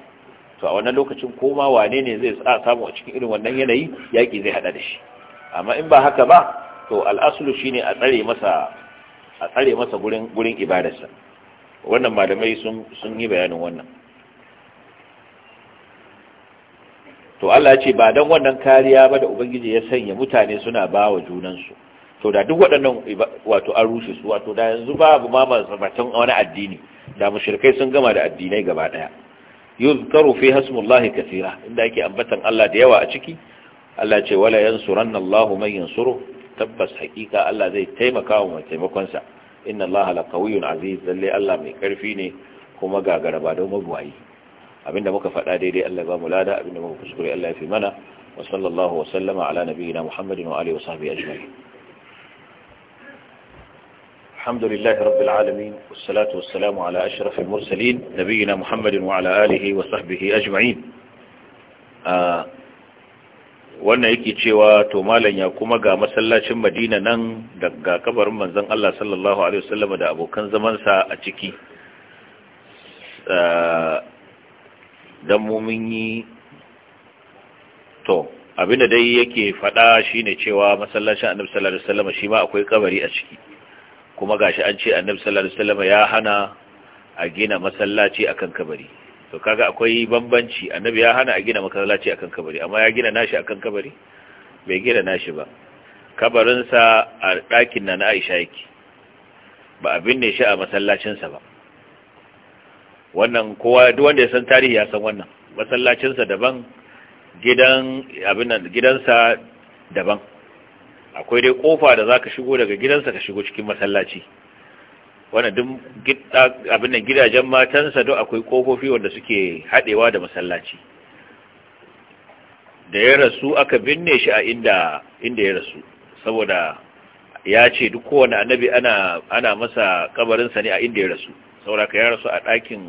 to a wannan lokacin koma wane ne zai sa samu a cikin irin wannan yanayi yaƙi zai haɗa da shi amma in ba haka ba to al'asulu shi ne a tsare masa gurin ibadarsa wannan malamai sun yi bayanin wannan to Allah ce ba dan wannan kariya ba da ubangiji ya sanya mutane suna ba wa junansu to da duk waɗannan wato an rushe su wato da yanzu babu ma mazabatan wani addini da mushrikai sun gama da addinai gaba daya yuzkaru fi hasmullahi kathira inda yake ambatan Allah da yawa a ciki Allah ce wala yansuranna Allahu man yansuru tabbas hakika Allah zai taimaka wa mai taimakon sa inna Allaha laqawiyyun aziz lalle Allah mai karfi ne kuma gagaraba da mabuwayi abinda muka faɗa daidai Allah ba mu lada abinda muka kuskure Allah ya fi mana wa sallallahu wa sallama ala nabiyyina Muhammadin wa alihi wa sahbihi ajma'in alhamdulillahi rabbil alamin wassalatu wassalamu ala ashrafil mursalin nabiyyina Muhammadin wa ala alihi wa sahbihi ajma'in wannan yake cewa to malam ya kuma ga masallacin Madina nan daga kabarin manzon Allah sallallahu alaihi wasallam da abokan zamansa a ciki don mumin yi to abinda dai yake fada shine cewa masallacin annabi sallallahu alaihi wasallam shi ma akwai kabari a ciki kuma gashi an ce annabi sallallahu alaihi wasallam ya hana a gina masallaci akan kabari to kaga akwai bambanci annabi ya hana a gina masallaci akan kabari amma ya gina nashi akan kabari bai gina nashi ba kabarinsa a ɗakin na Aisha yake ba abin ne shi a masallacinsa ba wannan kowa duk wanda ya san tarihi ya san wannan masallacinsa daban gidan abin gidansa daban akwai dai kofa da zaka shigo daga gidansa ka shigo cikin masallaci wannan duk abin nan gidajen matansa duk akwai kofofi wanda suke hadewa da masallaci da ya rasu aka binne shi a inda inda ya rasu saboda ya ce duk kowane annabi ana ana masa kabarinsa ne a inda ya rasu sauraka ya rasu a ɗakin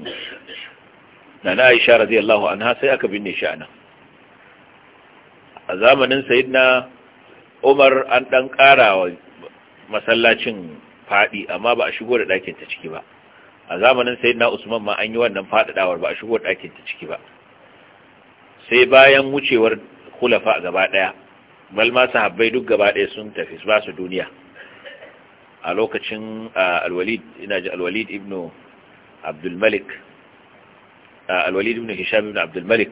na na aisha radiyallahu anha sai aka binne shi anan a zamanin sayidna umar an ɗan ƙara wa masallacin faɗi amma ba a shigo da ɗakin ta ciki ba a zamanin sayidna usman ma an yi wannan faɗaɗawar ba a shigo da ɗakin ta ciki ba sai bayan wucewar kulafa gaba ɗaya balma sahabbai duk gaba ɗaya sun tafi ba su duniya a lokacin alwalid ina ji alwalid ibnu abdulmalik بن هشام بن عبد abdulmalik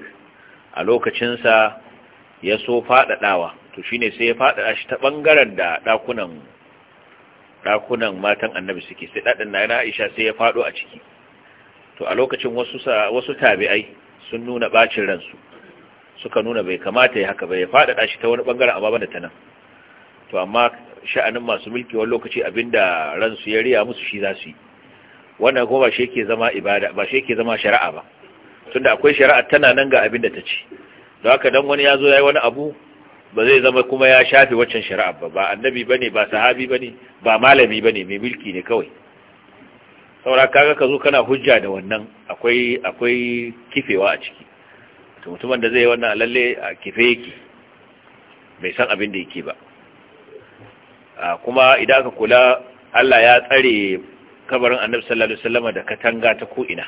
a lokacinsa ya so faɗaɗawa to shine sai ya faɗaɗa shi ta ɓangaren da ɗakunan ɗakunan matan annabi suke sai ɗaɗin na aisha sai ya faɗo a ciki to a lokacin wasu tabi'ai sun nuna ɓacin ransu suka nuna bai kamata ya haka bai faɗaɗa shi ta wani ɓangaren amma bane ta nan to amma sha'anin masu mulki wani lokaci abinda ransu ya riya musu shi za su yi wannan kuma ba shi yake zama ibada ba shi yake zama shari'a ba tunda akwai shari'a tana nan ga abin da ta ce don haka dan wani ya zo yayi wani abu ba zai zama kuma ya shafe waccan shari'a ba ba annabi bane ba sahabi bane ba malami bane mai mulki ne kawai saboda kaga ka zo kana hujja da wannan akwai akwai kifewa a ciki to mutumin da zai yi wannan lalle a kife yake bai san abin da yake ba kuma idan aka kula Allah ya tsare kabarin annabi sallallahu alaihi wasallam da katanga ta ko ina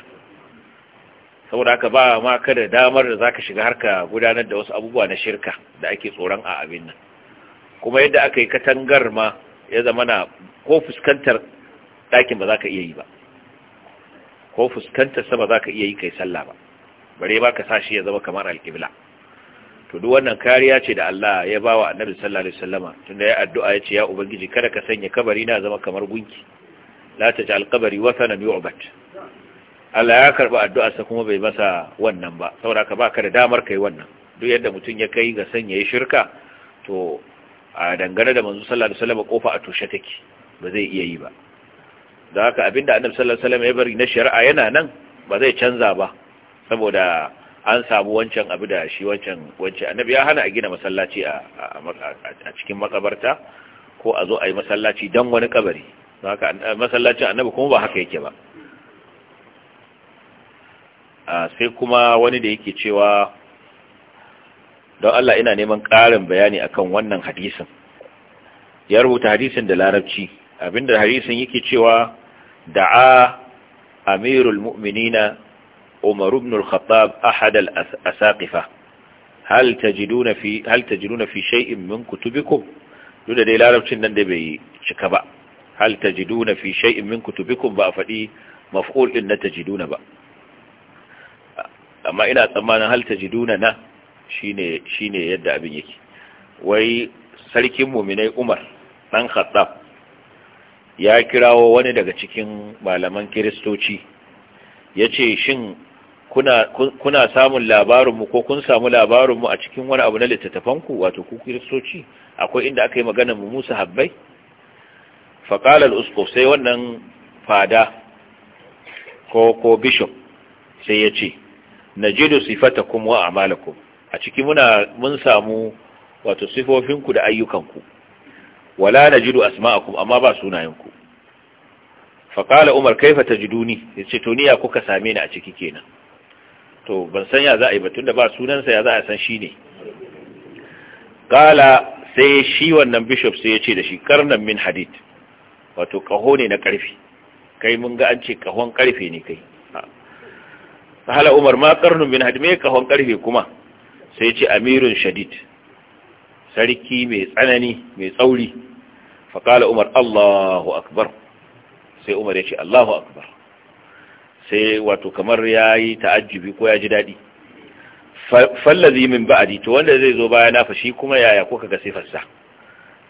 saboda haka ba ma ka da damar da zaka shiga harka gudanar da wasu abubuwa na shirka da ake tsoron a abin nan kuma yadda aka yi katangar ma ya zama na ko fuskantar ɗakin ba za ka iya yi ba ko fuskantar sa ba za iya yi kai sallah ba bare ba ka sashi ya zama kamar alƙibla to duk wannan kariya ce da Allah ya bawa wa annabi sallallahu alaihi wasallama tunda ya addu'a ya ce ya ubangiji kada ka sanya kabari na zama kamar gunki la taj'al qabri wathanan yu'bad Allah ya karba addu'arsa kuma bai masa wannan ba saboda ka baka da damar kai wannan duk yadda mutum ya kai ga sanya ya shirka to a dangane da manzo sallallahu alaihi wasallam kofa a tushe take ba zai iya yi ba don haka abinda annabi sallallahu alaihi wasallam ya bari na shari'a yana nan ba zai canza ba saboda an samu wancan abu da shi wancan wancan annabi ya hana a gina masallaci a cikin makabarta ko a zo a yi masallaci don wani kabari haka eh, masallacin annabi kuma ba haka yake ba ah, sai kuma wani da yake cewa don Allah ina neman ƙarin bayani akan wannan hadisin ya rubuta hadisin da larabci abinda hadisin yake cewa da'a amirul mu'minina umar ibn al-khattab ahad al-asaqifa hal tajiduna fi hal tajiduna fi shay'in min kutubikum duk da dai larabcin nan da bai cika ba hal tajiduna fi shay'in min kutubikum ba a faɗi maf'ul din na tajiduna ba amma ina tsammanin hal tajiduna na shine shine yadda abin yake wai sarkin mu'minai Umar dan Khattab ya kirawo wani daga cikin malaman kiristoci yace shin kuna kuna samun labarin mu ko kun samu labarin mu a cikin wani abu na littattafanku wato ku kiristoci akwai inda aka yi magana mu Musa Habbai faƙalar usko sai wannan fada ko ko bishop sai ya ce na jido sifata kuma wa amalakum a ciki mun samu wato sifofinku da ayyukanku wala na jido asma'akum amma ba sunayenku faƙalar umar kaifa ta jiduni ya ce to kuka same ni a ciki kenan to ban san ya za a yi batun da ba sunansa ya za a san shi ne ƙala sai shi wannan bishop sai ya ce da shi karnan min hadith wato kaho ne na karfe kai mun ga an ce kahon karfe ne kai hala umar ma karnun min hadme kahon karfe kuma sai ce amirun shadid sarki mai tsanani mai tsauri faƙala umar allahu akbar sai umar ya ce allahu akbar sai wato kamar ya yi ta'ajjubi ko ya ji daɗi fallazi min ba'adi to wanda zai zo baya na fashi kuma yaya kuka ga sifarsa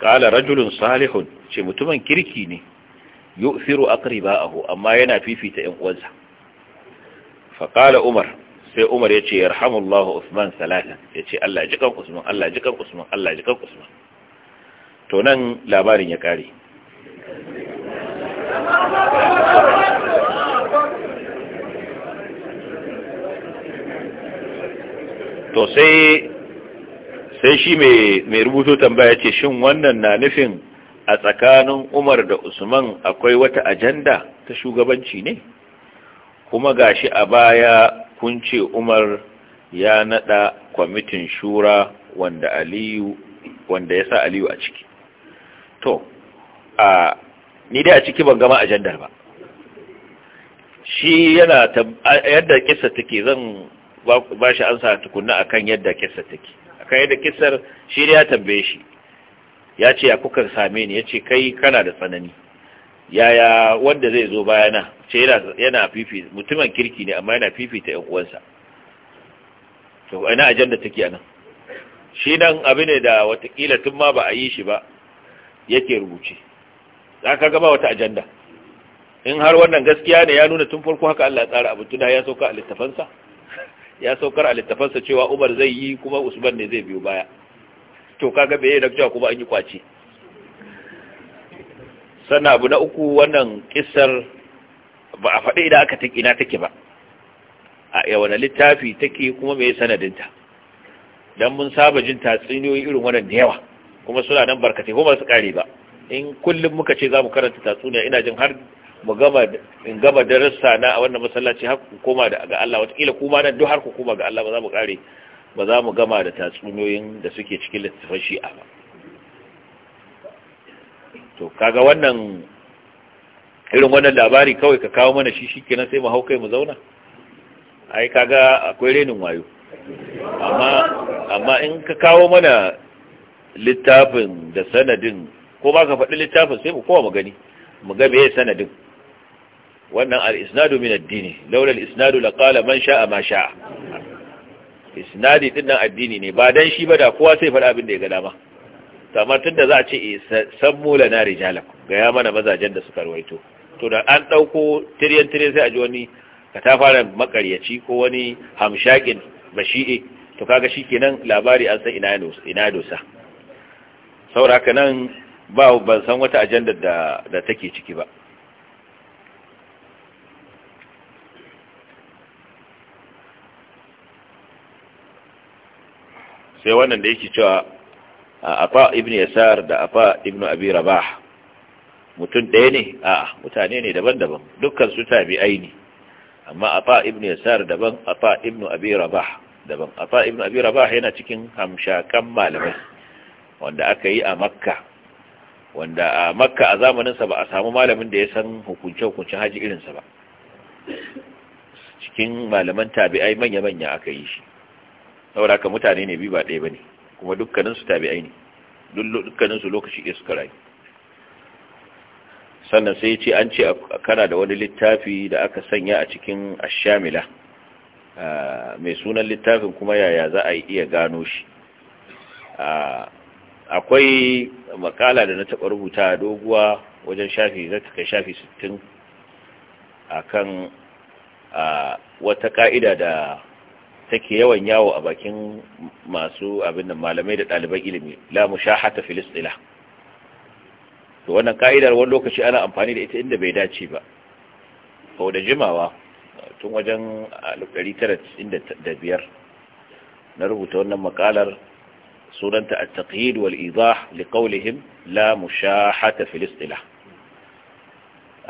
qala rajulun salihun ce mutumin kirki ne yu'thiru aqriba'ahu amma yana fifita ƴan uwansa fa qala umar sai umar yace yarhamullahu usman salatan yace Allah ji kan usman Allah ji kan usman Allah ji kan usman to nan labarin ya kare to sai sai shi mai rubuto tambaya ce shin wannan na nufin a tsakanin umar da usman akwai wata ajanda ta shugabanci ne kuma gashi a baya kun ce umar ya nada kwamitin shura wanda aliyu wanda ya sa aliyu a ciki to a ni dai a ciki ban gama ajandar ba shi yana yadda kissa take zan ba shi ansa tukunna akan yadda kissa take kai da kisar shi ya tambaye shi ya ce ya kuka same ni ya ce kai kana da tsanani yaya wanda zai zo bayana ce yana fifi mutumin kirki ne amma yana fifita yan uwansa to ina ajanda take nan. shi nan abu ne da watakila tun ma ba a yi shi ba yake rubuce za ka gaba wata ajanda in har wannan gaskiya ne ya nuna tun farko haka Allah ya tsara abu tuna ya sauka a littafansa ya saukar a littafansa cewa Umar zai yi kuma Usman ne zai biyo baya to kaga bai yi cewa kuma an yi kwace. sannan abu na uku wannan kisar ba a faɗi idan aka take ina take ba a yawan littafi take kuma mai sanadinta dan mun saba jin tatsuniyoyi irin wannan da yawa kuma suna nan barkatai kuma su kare ba in kullum muka ce za mu karanta tatsuniya ina jin har mu gama in gama darasa na a wannan masallaci har ku koma da ga Allah wataƙila kuma nan duk har ku koma ga Allah ba za mu kare ba za mu gama da tatsuniyoyin da suke cikin littafin shi'a ba to kaga wannan irin wannan labari kawai ka kawo mana shi shikenan sai mu haukai mu zauna ai kaga akwai renin wayo amma amma in ka kawo mana littafin da sanadin ko ba ka faɗi littafin sai mu kowa mu gani mu ga meye sanadin wannan al-isnadu min ad-dini laula al-isnadu laqala man sha'a ma sha'a isnadi din nan addini ne ba dan shi ba da kowa sai faɗa abin da ya ga dama kamar tunda za a ce eh, san sammu na rijalak ga ya mana mazajen da suka ruwaito to da an ɗauko tiriyan tiryan sai a ji wani ka ta makaryaci ko wani hamshakin bashi'e to kaga shi kenan labari an san ina dosa saboda haka nan ba ban san wata ajandar da da take ciki ba sai wannan da yake cewa fa ibn yasar da fa ibn abi rabah mutum ɗaya ne a mutane ne daban-daban dukkan su tabi'ai ne amma fa ibn yasar daban fa ibn abi rabah daban fa ibn abi rabah yana cikin hamshakan malamai wanda aka yi a makka wanda a makka a zamaninsa ba a samu malamin da ya san hukunce hukunce haji irinsa ba cikin malaman tabi'ai manya-manya aka yi shi saboda haka mutane ne biyu ba ɗaya ba ne, kuma dukkaninsu ta tabi'ai ne dukkaninsu lokaci ɗaya suka rayu sannan sai ce an ce kana da wani littafi da aka sanya a cikin ashamila mai sunan littafin kuma yaya za a iya gano shi akwai makala da na taɓa rubuta doguwa wajen shafi na ta kai shafi 60 akan wata ka'ida da take yawan yawo a bakin masu abin da malamai da ɗaliban ilimi la mushahata fil istilah to wannan ka'idar wani lokaci ana amfani da ita inda bai dace ba ko da jimawa tun wajen 1995 na rubuta wannan makalar sunanta at-taqyid wal idah li qawlihim la mushahata fil istilah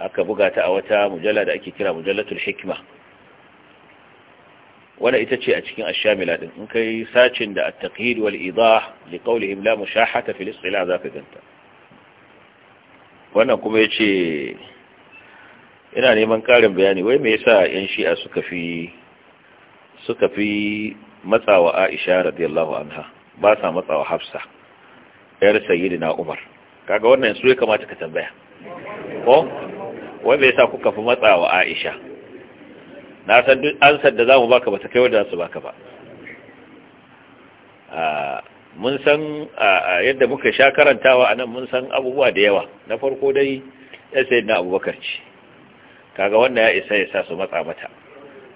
aka buga ta a wata mujalla da ake kira mujallatul hikma wanda ita ce a cikin ashamila din in kai sacin da at-taqhid wal idah li qawlihim la mushahata fil istila za ka wannan kuma yace ina neman karin bayani wai me yasa yan shi'a suka fi suka fi matsawa Aisha radiyallahu anha ba sa matsawa Hafsa yar sayyidina Umar kaga wannan su ya kamata ka tambaya ko wai me yasa kuka fi matsawa Aisha na san duk ansar da zamu baka ta kai wanda za su baka ba mun san yadda muka sha karantawa anan mun san abubuwa da yawa na farko dai ya sayi na abubakar ce kaga wannan ya isa ya sa su matsa mata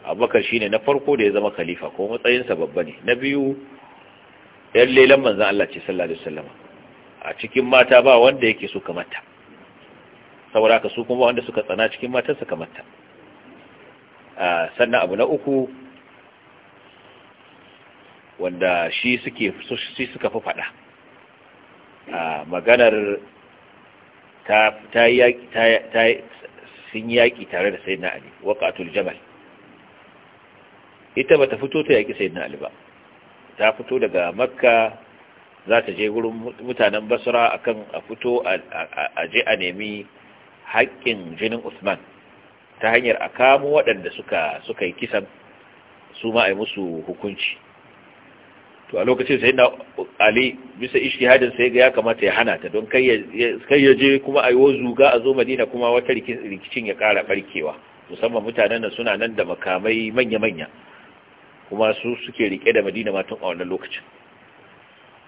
abubakar shine na farko da ya zama khalifa ko matsayinsa babba ne na biyu yan lelan manzan Allah ce sallallahu alaihi wasallam a cikin mata ba wanda yake so kamata saboda haka su kuma wanda suka tsana cikin matarsa kamata sannan abu na uku wanda shi suke shi suka fi fada maganar ta ta yaki ta sun yaki tare da sayyidina ali waqatul jamal ita bata fito ta yaki sayyidina ali ba ta fito daga makka za ta je gurin mutanen basra akan a fito a je a nemi haƙƙin jinin usman ta hanyar a kamo waɗanda suka suka yi kisan su ma a yi musu hukunci to a lokacin sai na ali bisa ishtihadin sai ga ya kamata ya hana ta don kai ya je kuma a yi wa zuga a zo madina kuma wata rikicin ya ƙara barkewa musamman mutanen nan suna nan da makamai manya-manya kuma su suke rike da madina matan a wannan lokacin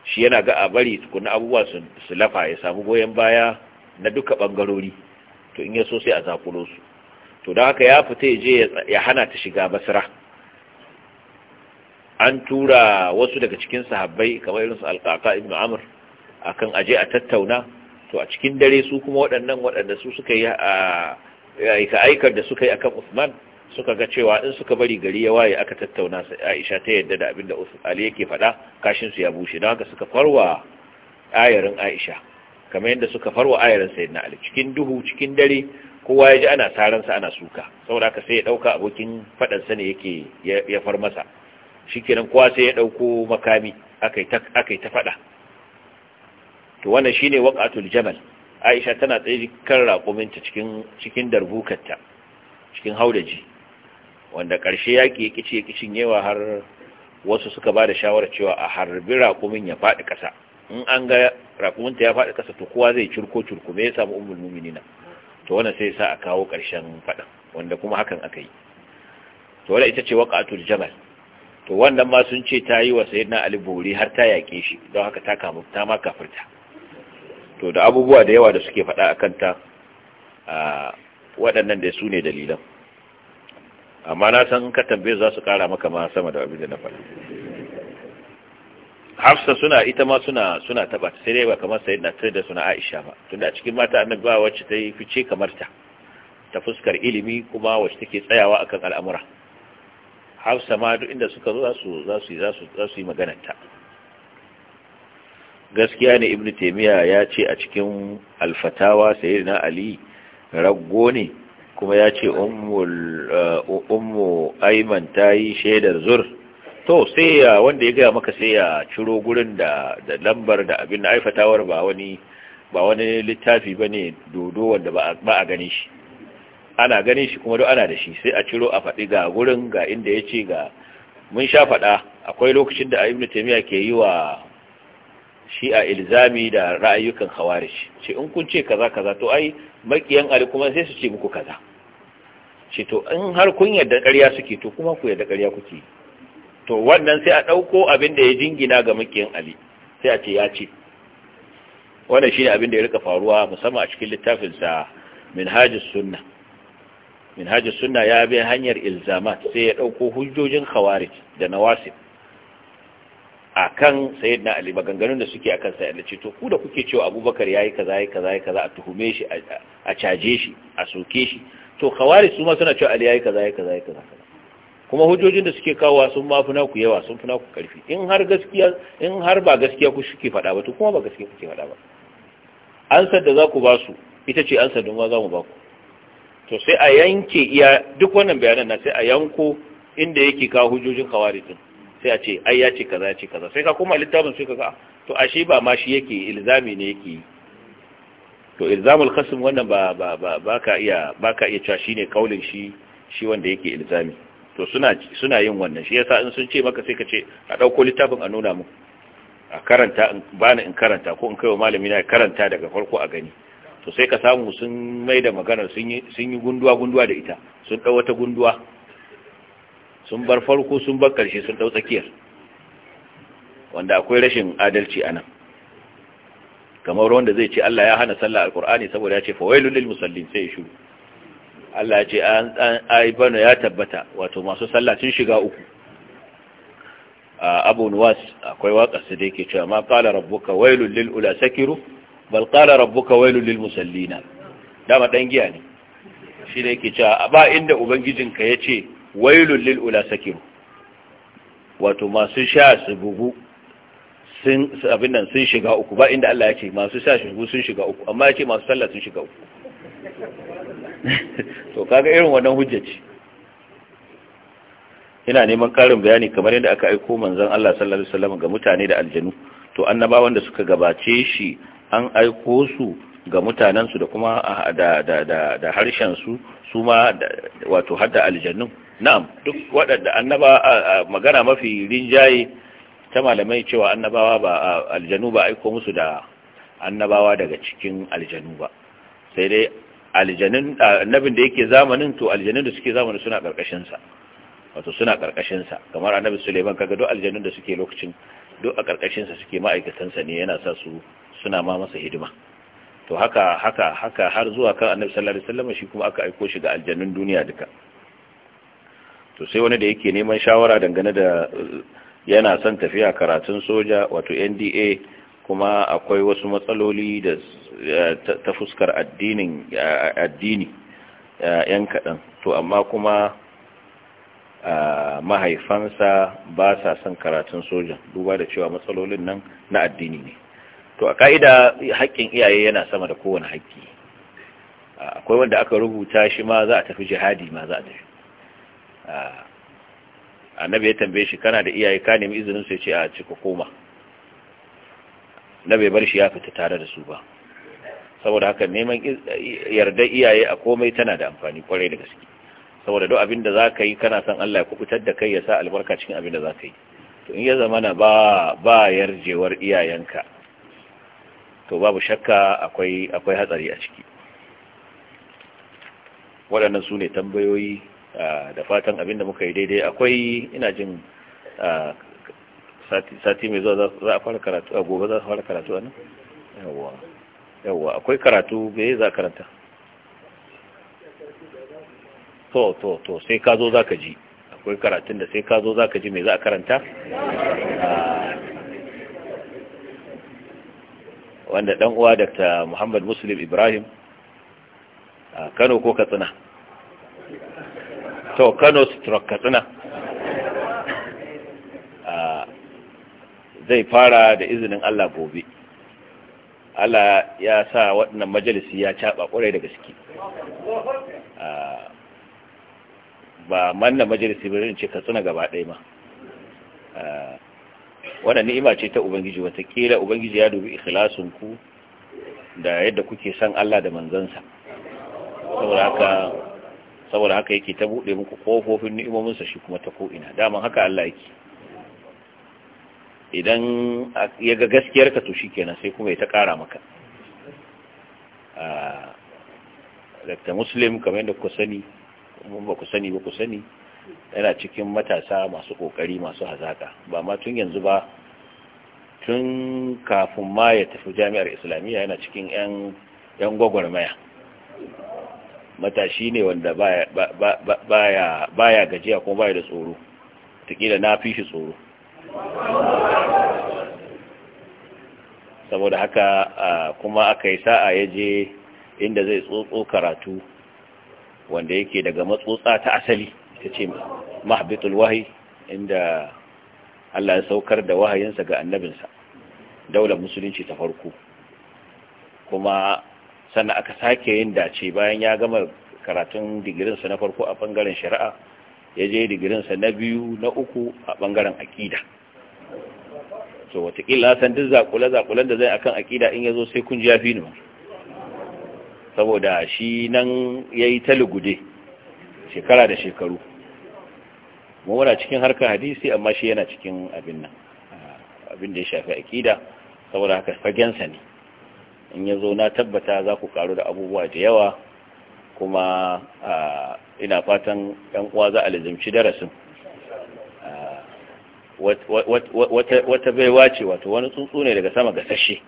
shi yana ga a bari tukuna abubuwa su lafa ya samu goyon baya na duka bangarori to in ya so sai a zakulo su to da haka ya fita je ya hana ta shiga basra an tura wasu daga cikin sahabbai kamar irinsu alƙaƙa ibn amr akan aje a tattauna to a cikin dare su kuma waɗannan waɗanda su suka yi a aikar da suka yi akan usman suka ga cewa in suka bari gari ya waye aka tattauna aisha ta yadda da abinda ali yake faɗa su ya bushe don haka suka farwa ayarin aisha kamar yadda suka farwa ayarin sayyidina ali cikin duhu cikin dare kowa ya ji ana taransa ana suka saboda ka sai ya ɗauka abokin faɗansa ne yake ya far masa Shikenan kenan kowa sai ya ɗauko makami aka yi ta faɗa to wannan shine waqatul jamal aisha tana tsaye kan raƙuminta cikin darbukarta cikin haudaji wanda ƙarshe yaƙi ya ƙici ya yawa har wasu suka bada da shawarar cewa a harbi raƙumin ya faɗi ƙasa in an ga raƙuminta ya faɗi kasa to kowa zai curko curko me ya samu ummul muminina to wannan sai sa a kawo ƙarshen faɗan wanda kuma hakan aka yi to wadda ita ce waƙatul jamal to wannan ma sun ce ta yi wa sayyidina ali bori har ta yaƙe shi don haka ta kamu ta ma kafirta to da abubuwa da yawa da suke faɗa a kanta a waɗannan da su ne dalilan amma na san in ka tambaye za su ƙara maka ma sama da abin da na faɗa hafsa suna ita ma suna suna taba sai dai ba kamar sayyidina da suna aisha ba tunda cikin mata annabi ba wacce ta yi fice kamar ta ta fuskar ilimi kuma wacce take tsayawa akan al'amura hafsa ma duk inda suka zo zasu zasu zasu zasu yi maganar ta gaskiya ne ibnu taymiya ya ce a cikin alfatawa sayyidina ali raggo ne kuma ya ce uh, ummu ayman ta yi shaidar zur to sai ya ah, wanda ya gaya maka sai ya ciro gurin da da lambar da abin da aifatawar ba wani ba wani littafi bane dodo wanda ba ba a gani shi ana ganin shi kuma duk ana da shi sai a ciro a faɗi ga gurin ga inda ya ce ga mun sha faɗa akwai lokacin da ibnu taymiya ke yi wa shi a ilzami da ra'ayyukan khawarij ce in kun ce kaza kaza to ai makiyan ali kuma sai su ce muku kaza ce to in har kun yarda ƙarya suke to kuma ku yarda ƙarya kuke to wannan sai a ɗauko abin da ya jingina ga makiyin ali sai a ce ya ce wannan shine abin da ya rika faruwa musamman a cikin littafin sa minhajus sunna minhajus sunna ya bi hanyar ilzamat sai ya ɗauko hujjojin khawarij da nawasib akan sayyidina ali maganganun da suke akan sayyidina ce to ku da kuke cewa abubakar yayi kaza yayi kaza yayi kaza a tuhume shi a caje shi a soke shi to khawarij su ma suna cewa ali yayi kaza yayi kaza yayi kaza kuma hujjojin da suke kawo sun ma fi naku yawa sun fi naku karfi in har ba gaskiya ku suke faɗa ba to kuma ba gaskiya kuke faɗa ba ansar da za ku ba su ita ce ansar da za mu ba ku to sai a yanke iya duk wannan bayanan na sai a yanko inda yake kawo hujjojin khawarijin sai a ce ai ya ce kaza ya ce kaza sai ka koma littafin sai ka ga to ashe ba ma shi yake ilzami ne yake yi to ilzamul khasm wannan ba ba ba ka iya ba ka iya cewa shine kaulin shi shi wanda yake ilzami to suna suna yin wannan shi yasa in sun ce maka sai ka ce a dauko littafin a nuna mu a karanta in bani in karanta ko in kai wa malami na karanta daga farko a gani to sai ka samu sun mai da maganar sun yi sun yi gunduwa gunduwa da ita sun dau wata gunduwa sun bar farko sun bar karshe sun dau tsakiyar wanda akwai rashin adalci anan kamar wanda zai ce Allah ya hana sallah alqur'ani saboda ya ce fa wailul lil musallin sai ya shiru Allah ce ai bana ya tabbata wato masu sallah sun shiga uku abu nuwas akwai waka su da yake cewa ma qala rabbuka wailul lil ula sakiru bal qala rabbuka wailul lil musallina dama dan giya ne shi da yake cewa ba inda ubangijinka yace wailul lil ula sakiru wato masu sha su bugu sun abin nan sun shiga uku ba inda Allah ya ce masu sha su bugu sun shiga uku amma yake masu sallah sun shiga uku <laughs> to kaga irin wannan ce ina neman karin bayani kamar yadda aka aiko manzon Allah sallallahu alaihi wasallam ga mutane da aljanu to annaba wanda suka gabace shi an aiko su ga su da kuma da da da da harshen su su ma wato hadda aljannu na'am duk waɗanda annaba magana mafi rinjaye ta malamai cewa annabawa ba aljanu ba aiko musu da annabawa daga cikin aljannu ba sai dai aljanin ah, annabin da yake zamanin to aljanin da suke zamanin suna karkashin sa wato suna karkashin sa kamar annabi Suleiman kaga duk aljanin da suke lokacin duk a karkashin sa suke ma'aikatan sa ne yana sa su suna ma masa hidima to haka haka haka har zuwa kan annabi sallallahu alaihi wasallam shi kuma aka aiko shi ga aljanun duniya duka to sai wani da yake neman shawara dangane da eh, yana son tafiya karatun soja wato NDA kuma akwai wasu matsaloli da ta fuskar addinin addini yan kaɗan to amma kuma mahaifansa ba sa son karatun sojan duba da cewa matsalolin nan na addini ne to a ka'ida haƙƙin iyaye yana sama da kowane haƙƙi akwai wanda aka rubuta shi ma za a tafi jihadi ma za a tafi annabi ya tambaye shi kana da iyaye ka nemi izinin sai ce a cika koma na bai bar shi ya fita tare da su ba saboda haka neman yarda iyaye a komai tana da amfani kwarai da gaske saboda duk abin da za ka yi kana son Allah ya kubutar da kai ya sa albarka cikin abin da za ka yi to in ya zama na ba ba yarjewar iyayenka to babu shakka akwai akwai hatsari a ciki waɗannan su ne tambayoyi ah, da fatan abin da muka yi daidai akwai ina jin ah, sati mai zuwa za a fara karatu a gobe za a fara karatu a nan yawwa yawwa akwai karatu yi za a karanta to to to sai ka zo za ka ji akwai karatun da sai ka zo za ka ji mai za a karanta ah. wanda dan uwa dr muhammad muslim ibrahim a ah, kano ko katsina to kano stroke katsina zai fara da izinin Allah gobe Allah ya sa waɗannan majalisi ya caɓa ƙwarai da gaske ah, ba manna majalisi birin ce ka suna gaba ɗai ma ah, wannan ni'ima ce ta ubangiji watakila ubangiji ya dubi ikhlasunku da yadda kuke san Allah da manzansa saboda haka saboda haka yake ta buɗe muku kofofin ni'imominsa shi kuma ta ko'ina daman haka Allah yake idan ya ga gaskiyarka to shi kenan sai kuma ya ta ƙara maka ta muslim kamar yadda ku sani ba ku sani ba ku sani yana cikin matasa masu ƙoƙari masu hazaka ba ma tun yanzu ba tun kafin ma ya tafi jami'ar islamiyya yana cikin 'yan gwagwarmaya matashi ne wanda baya gajiya kuma baya da tsoro tukila na fi shi tsoro saboda haka kuma aka yi sa'a ya je inda zai tsotso karatu wanda yake daga matsotsa ta asali ta ce mahabitul wahi inda Allah ya saukar da wahayinsa ga annabinsa daular musulunci ta farko kuma sannan aka sake yin dace bayan ya gama karatun digirinsa na farko a bangaren shari'a ya je digirinsa na biyu na uku a bangaren aƙida so watakila san duk zakule-zakulen da zai akan akida in ya zo sai kun ji ya fi ni saboda shi nan ya yi taligude shekara da shekaru muna cikin harkar hadisi amma shi yana cikin abin nan abin da ya shafi aƙida saboda haka fagensa ne in ya zo na tabbata za ku karu da abubuwa da yawa kuma ina fatan yan uwa za a lizimci darasin wata baiwa ce wato wani tsuntsu ne daga sama gasashe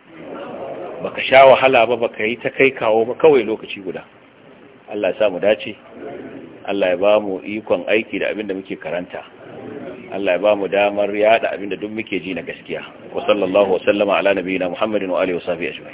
baka sha wahala ba baka yi ta kai kawo ba kawai lokaci guda Allah ya mu dace Allah ya ba mu ikon aiki da abin da muke karanta Allah ya ba mu damar yada abin da duk muke ji na gaskiya wa sallallahu wa sallama ala nabiyina Muhammadin wa alihi wa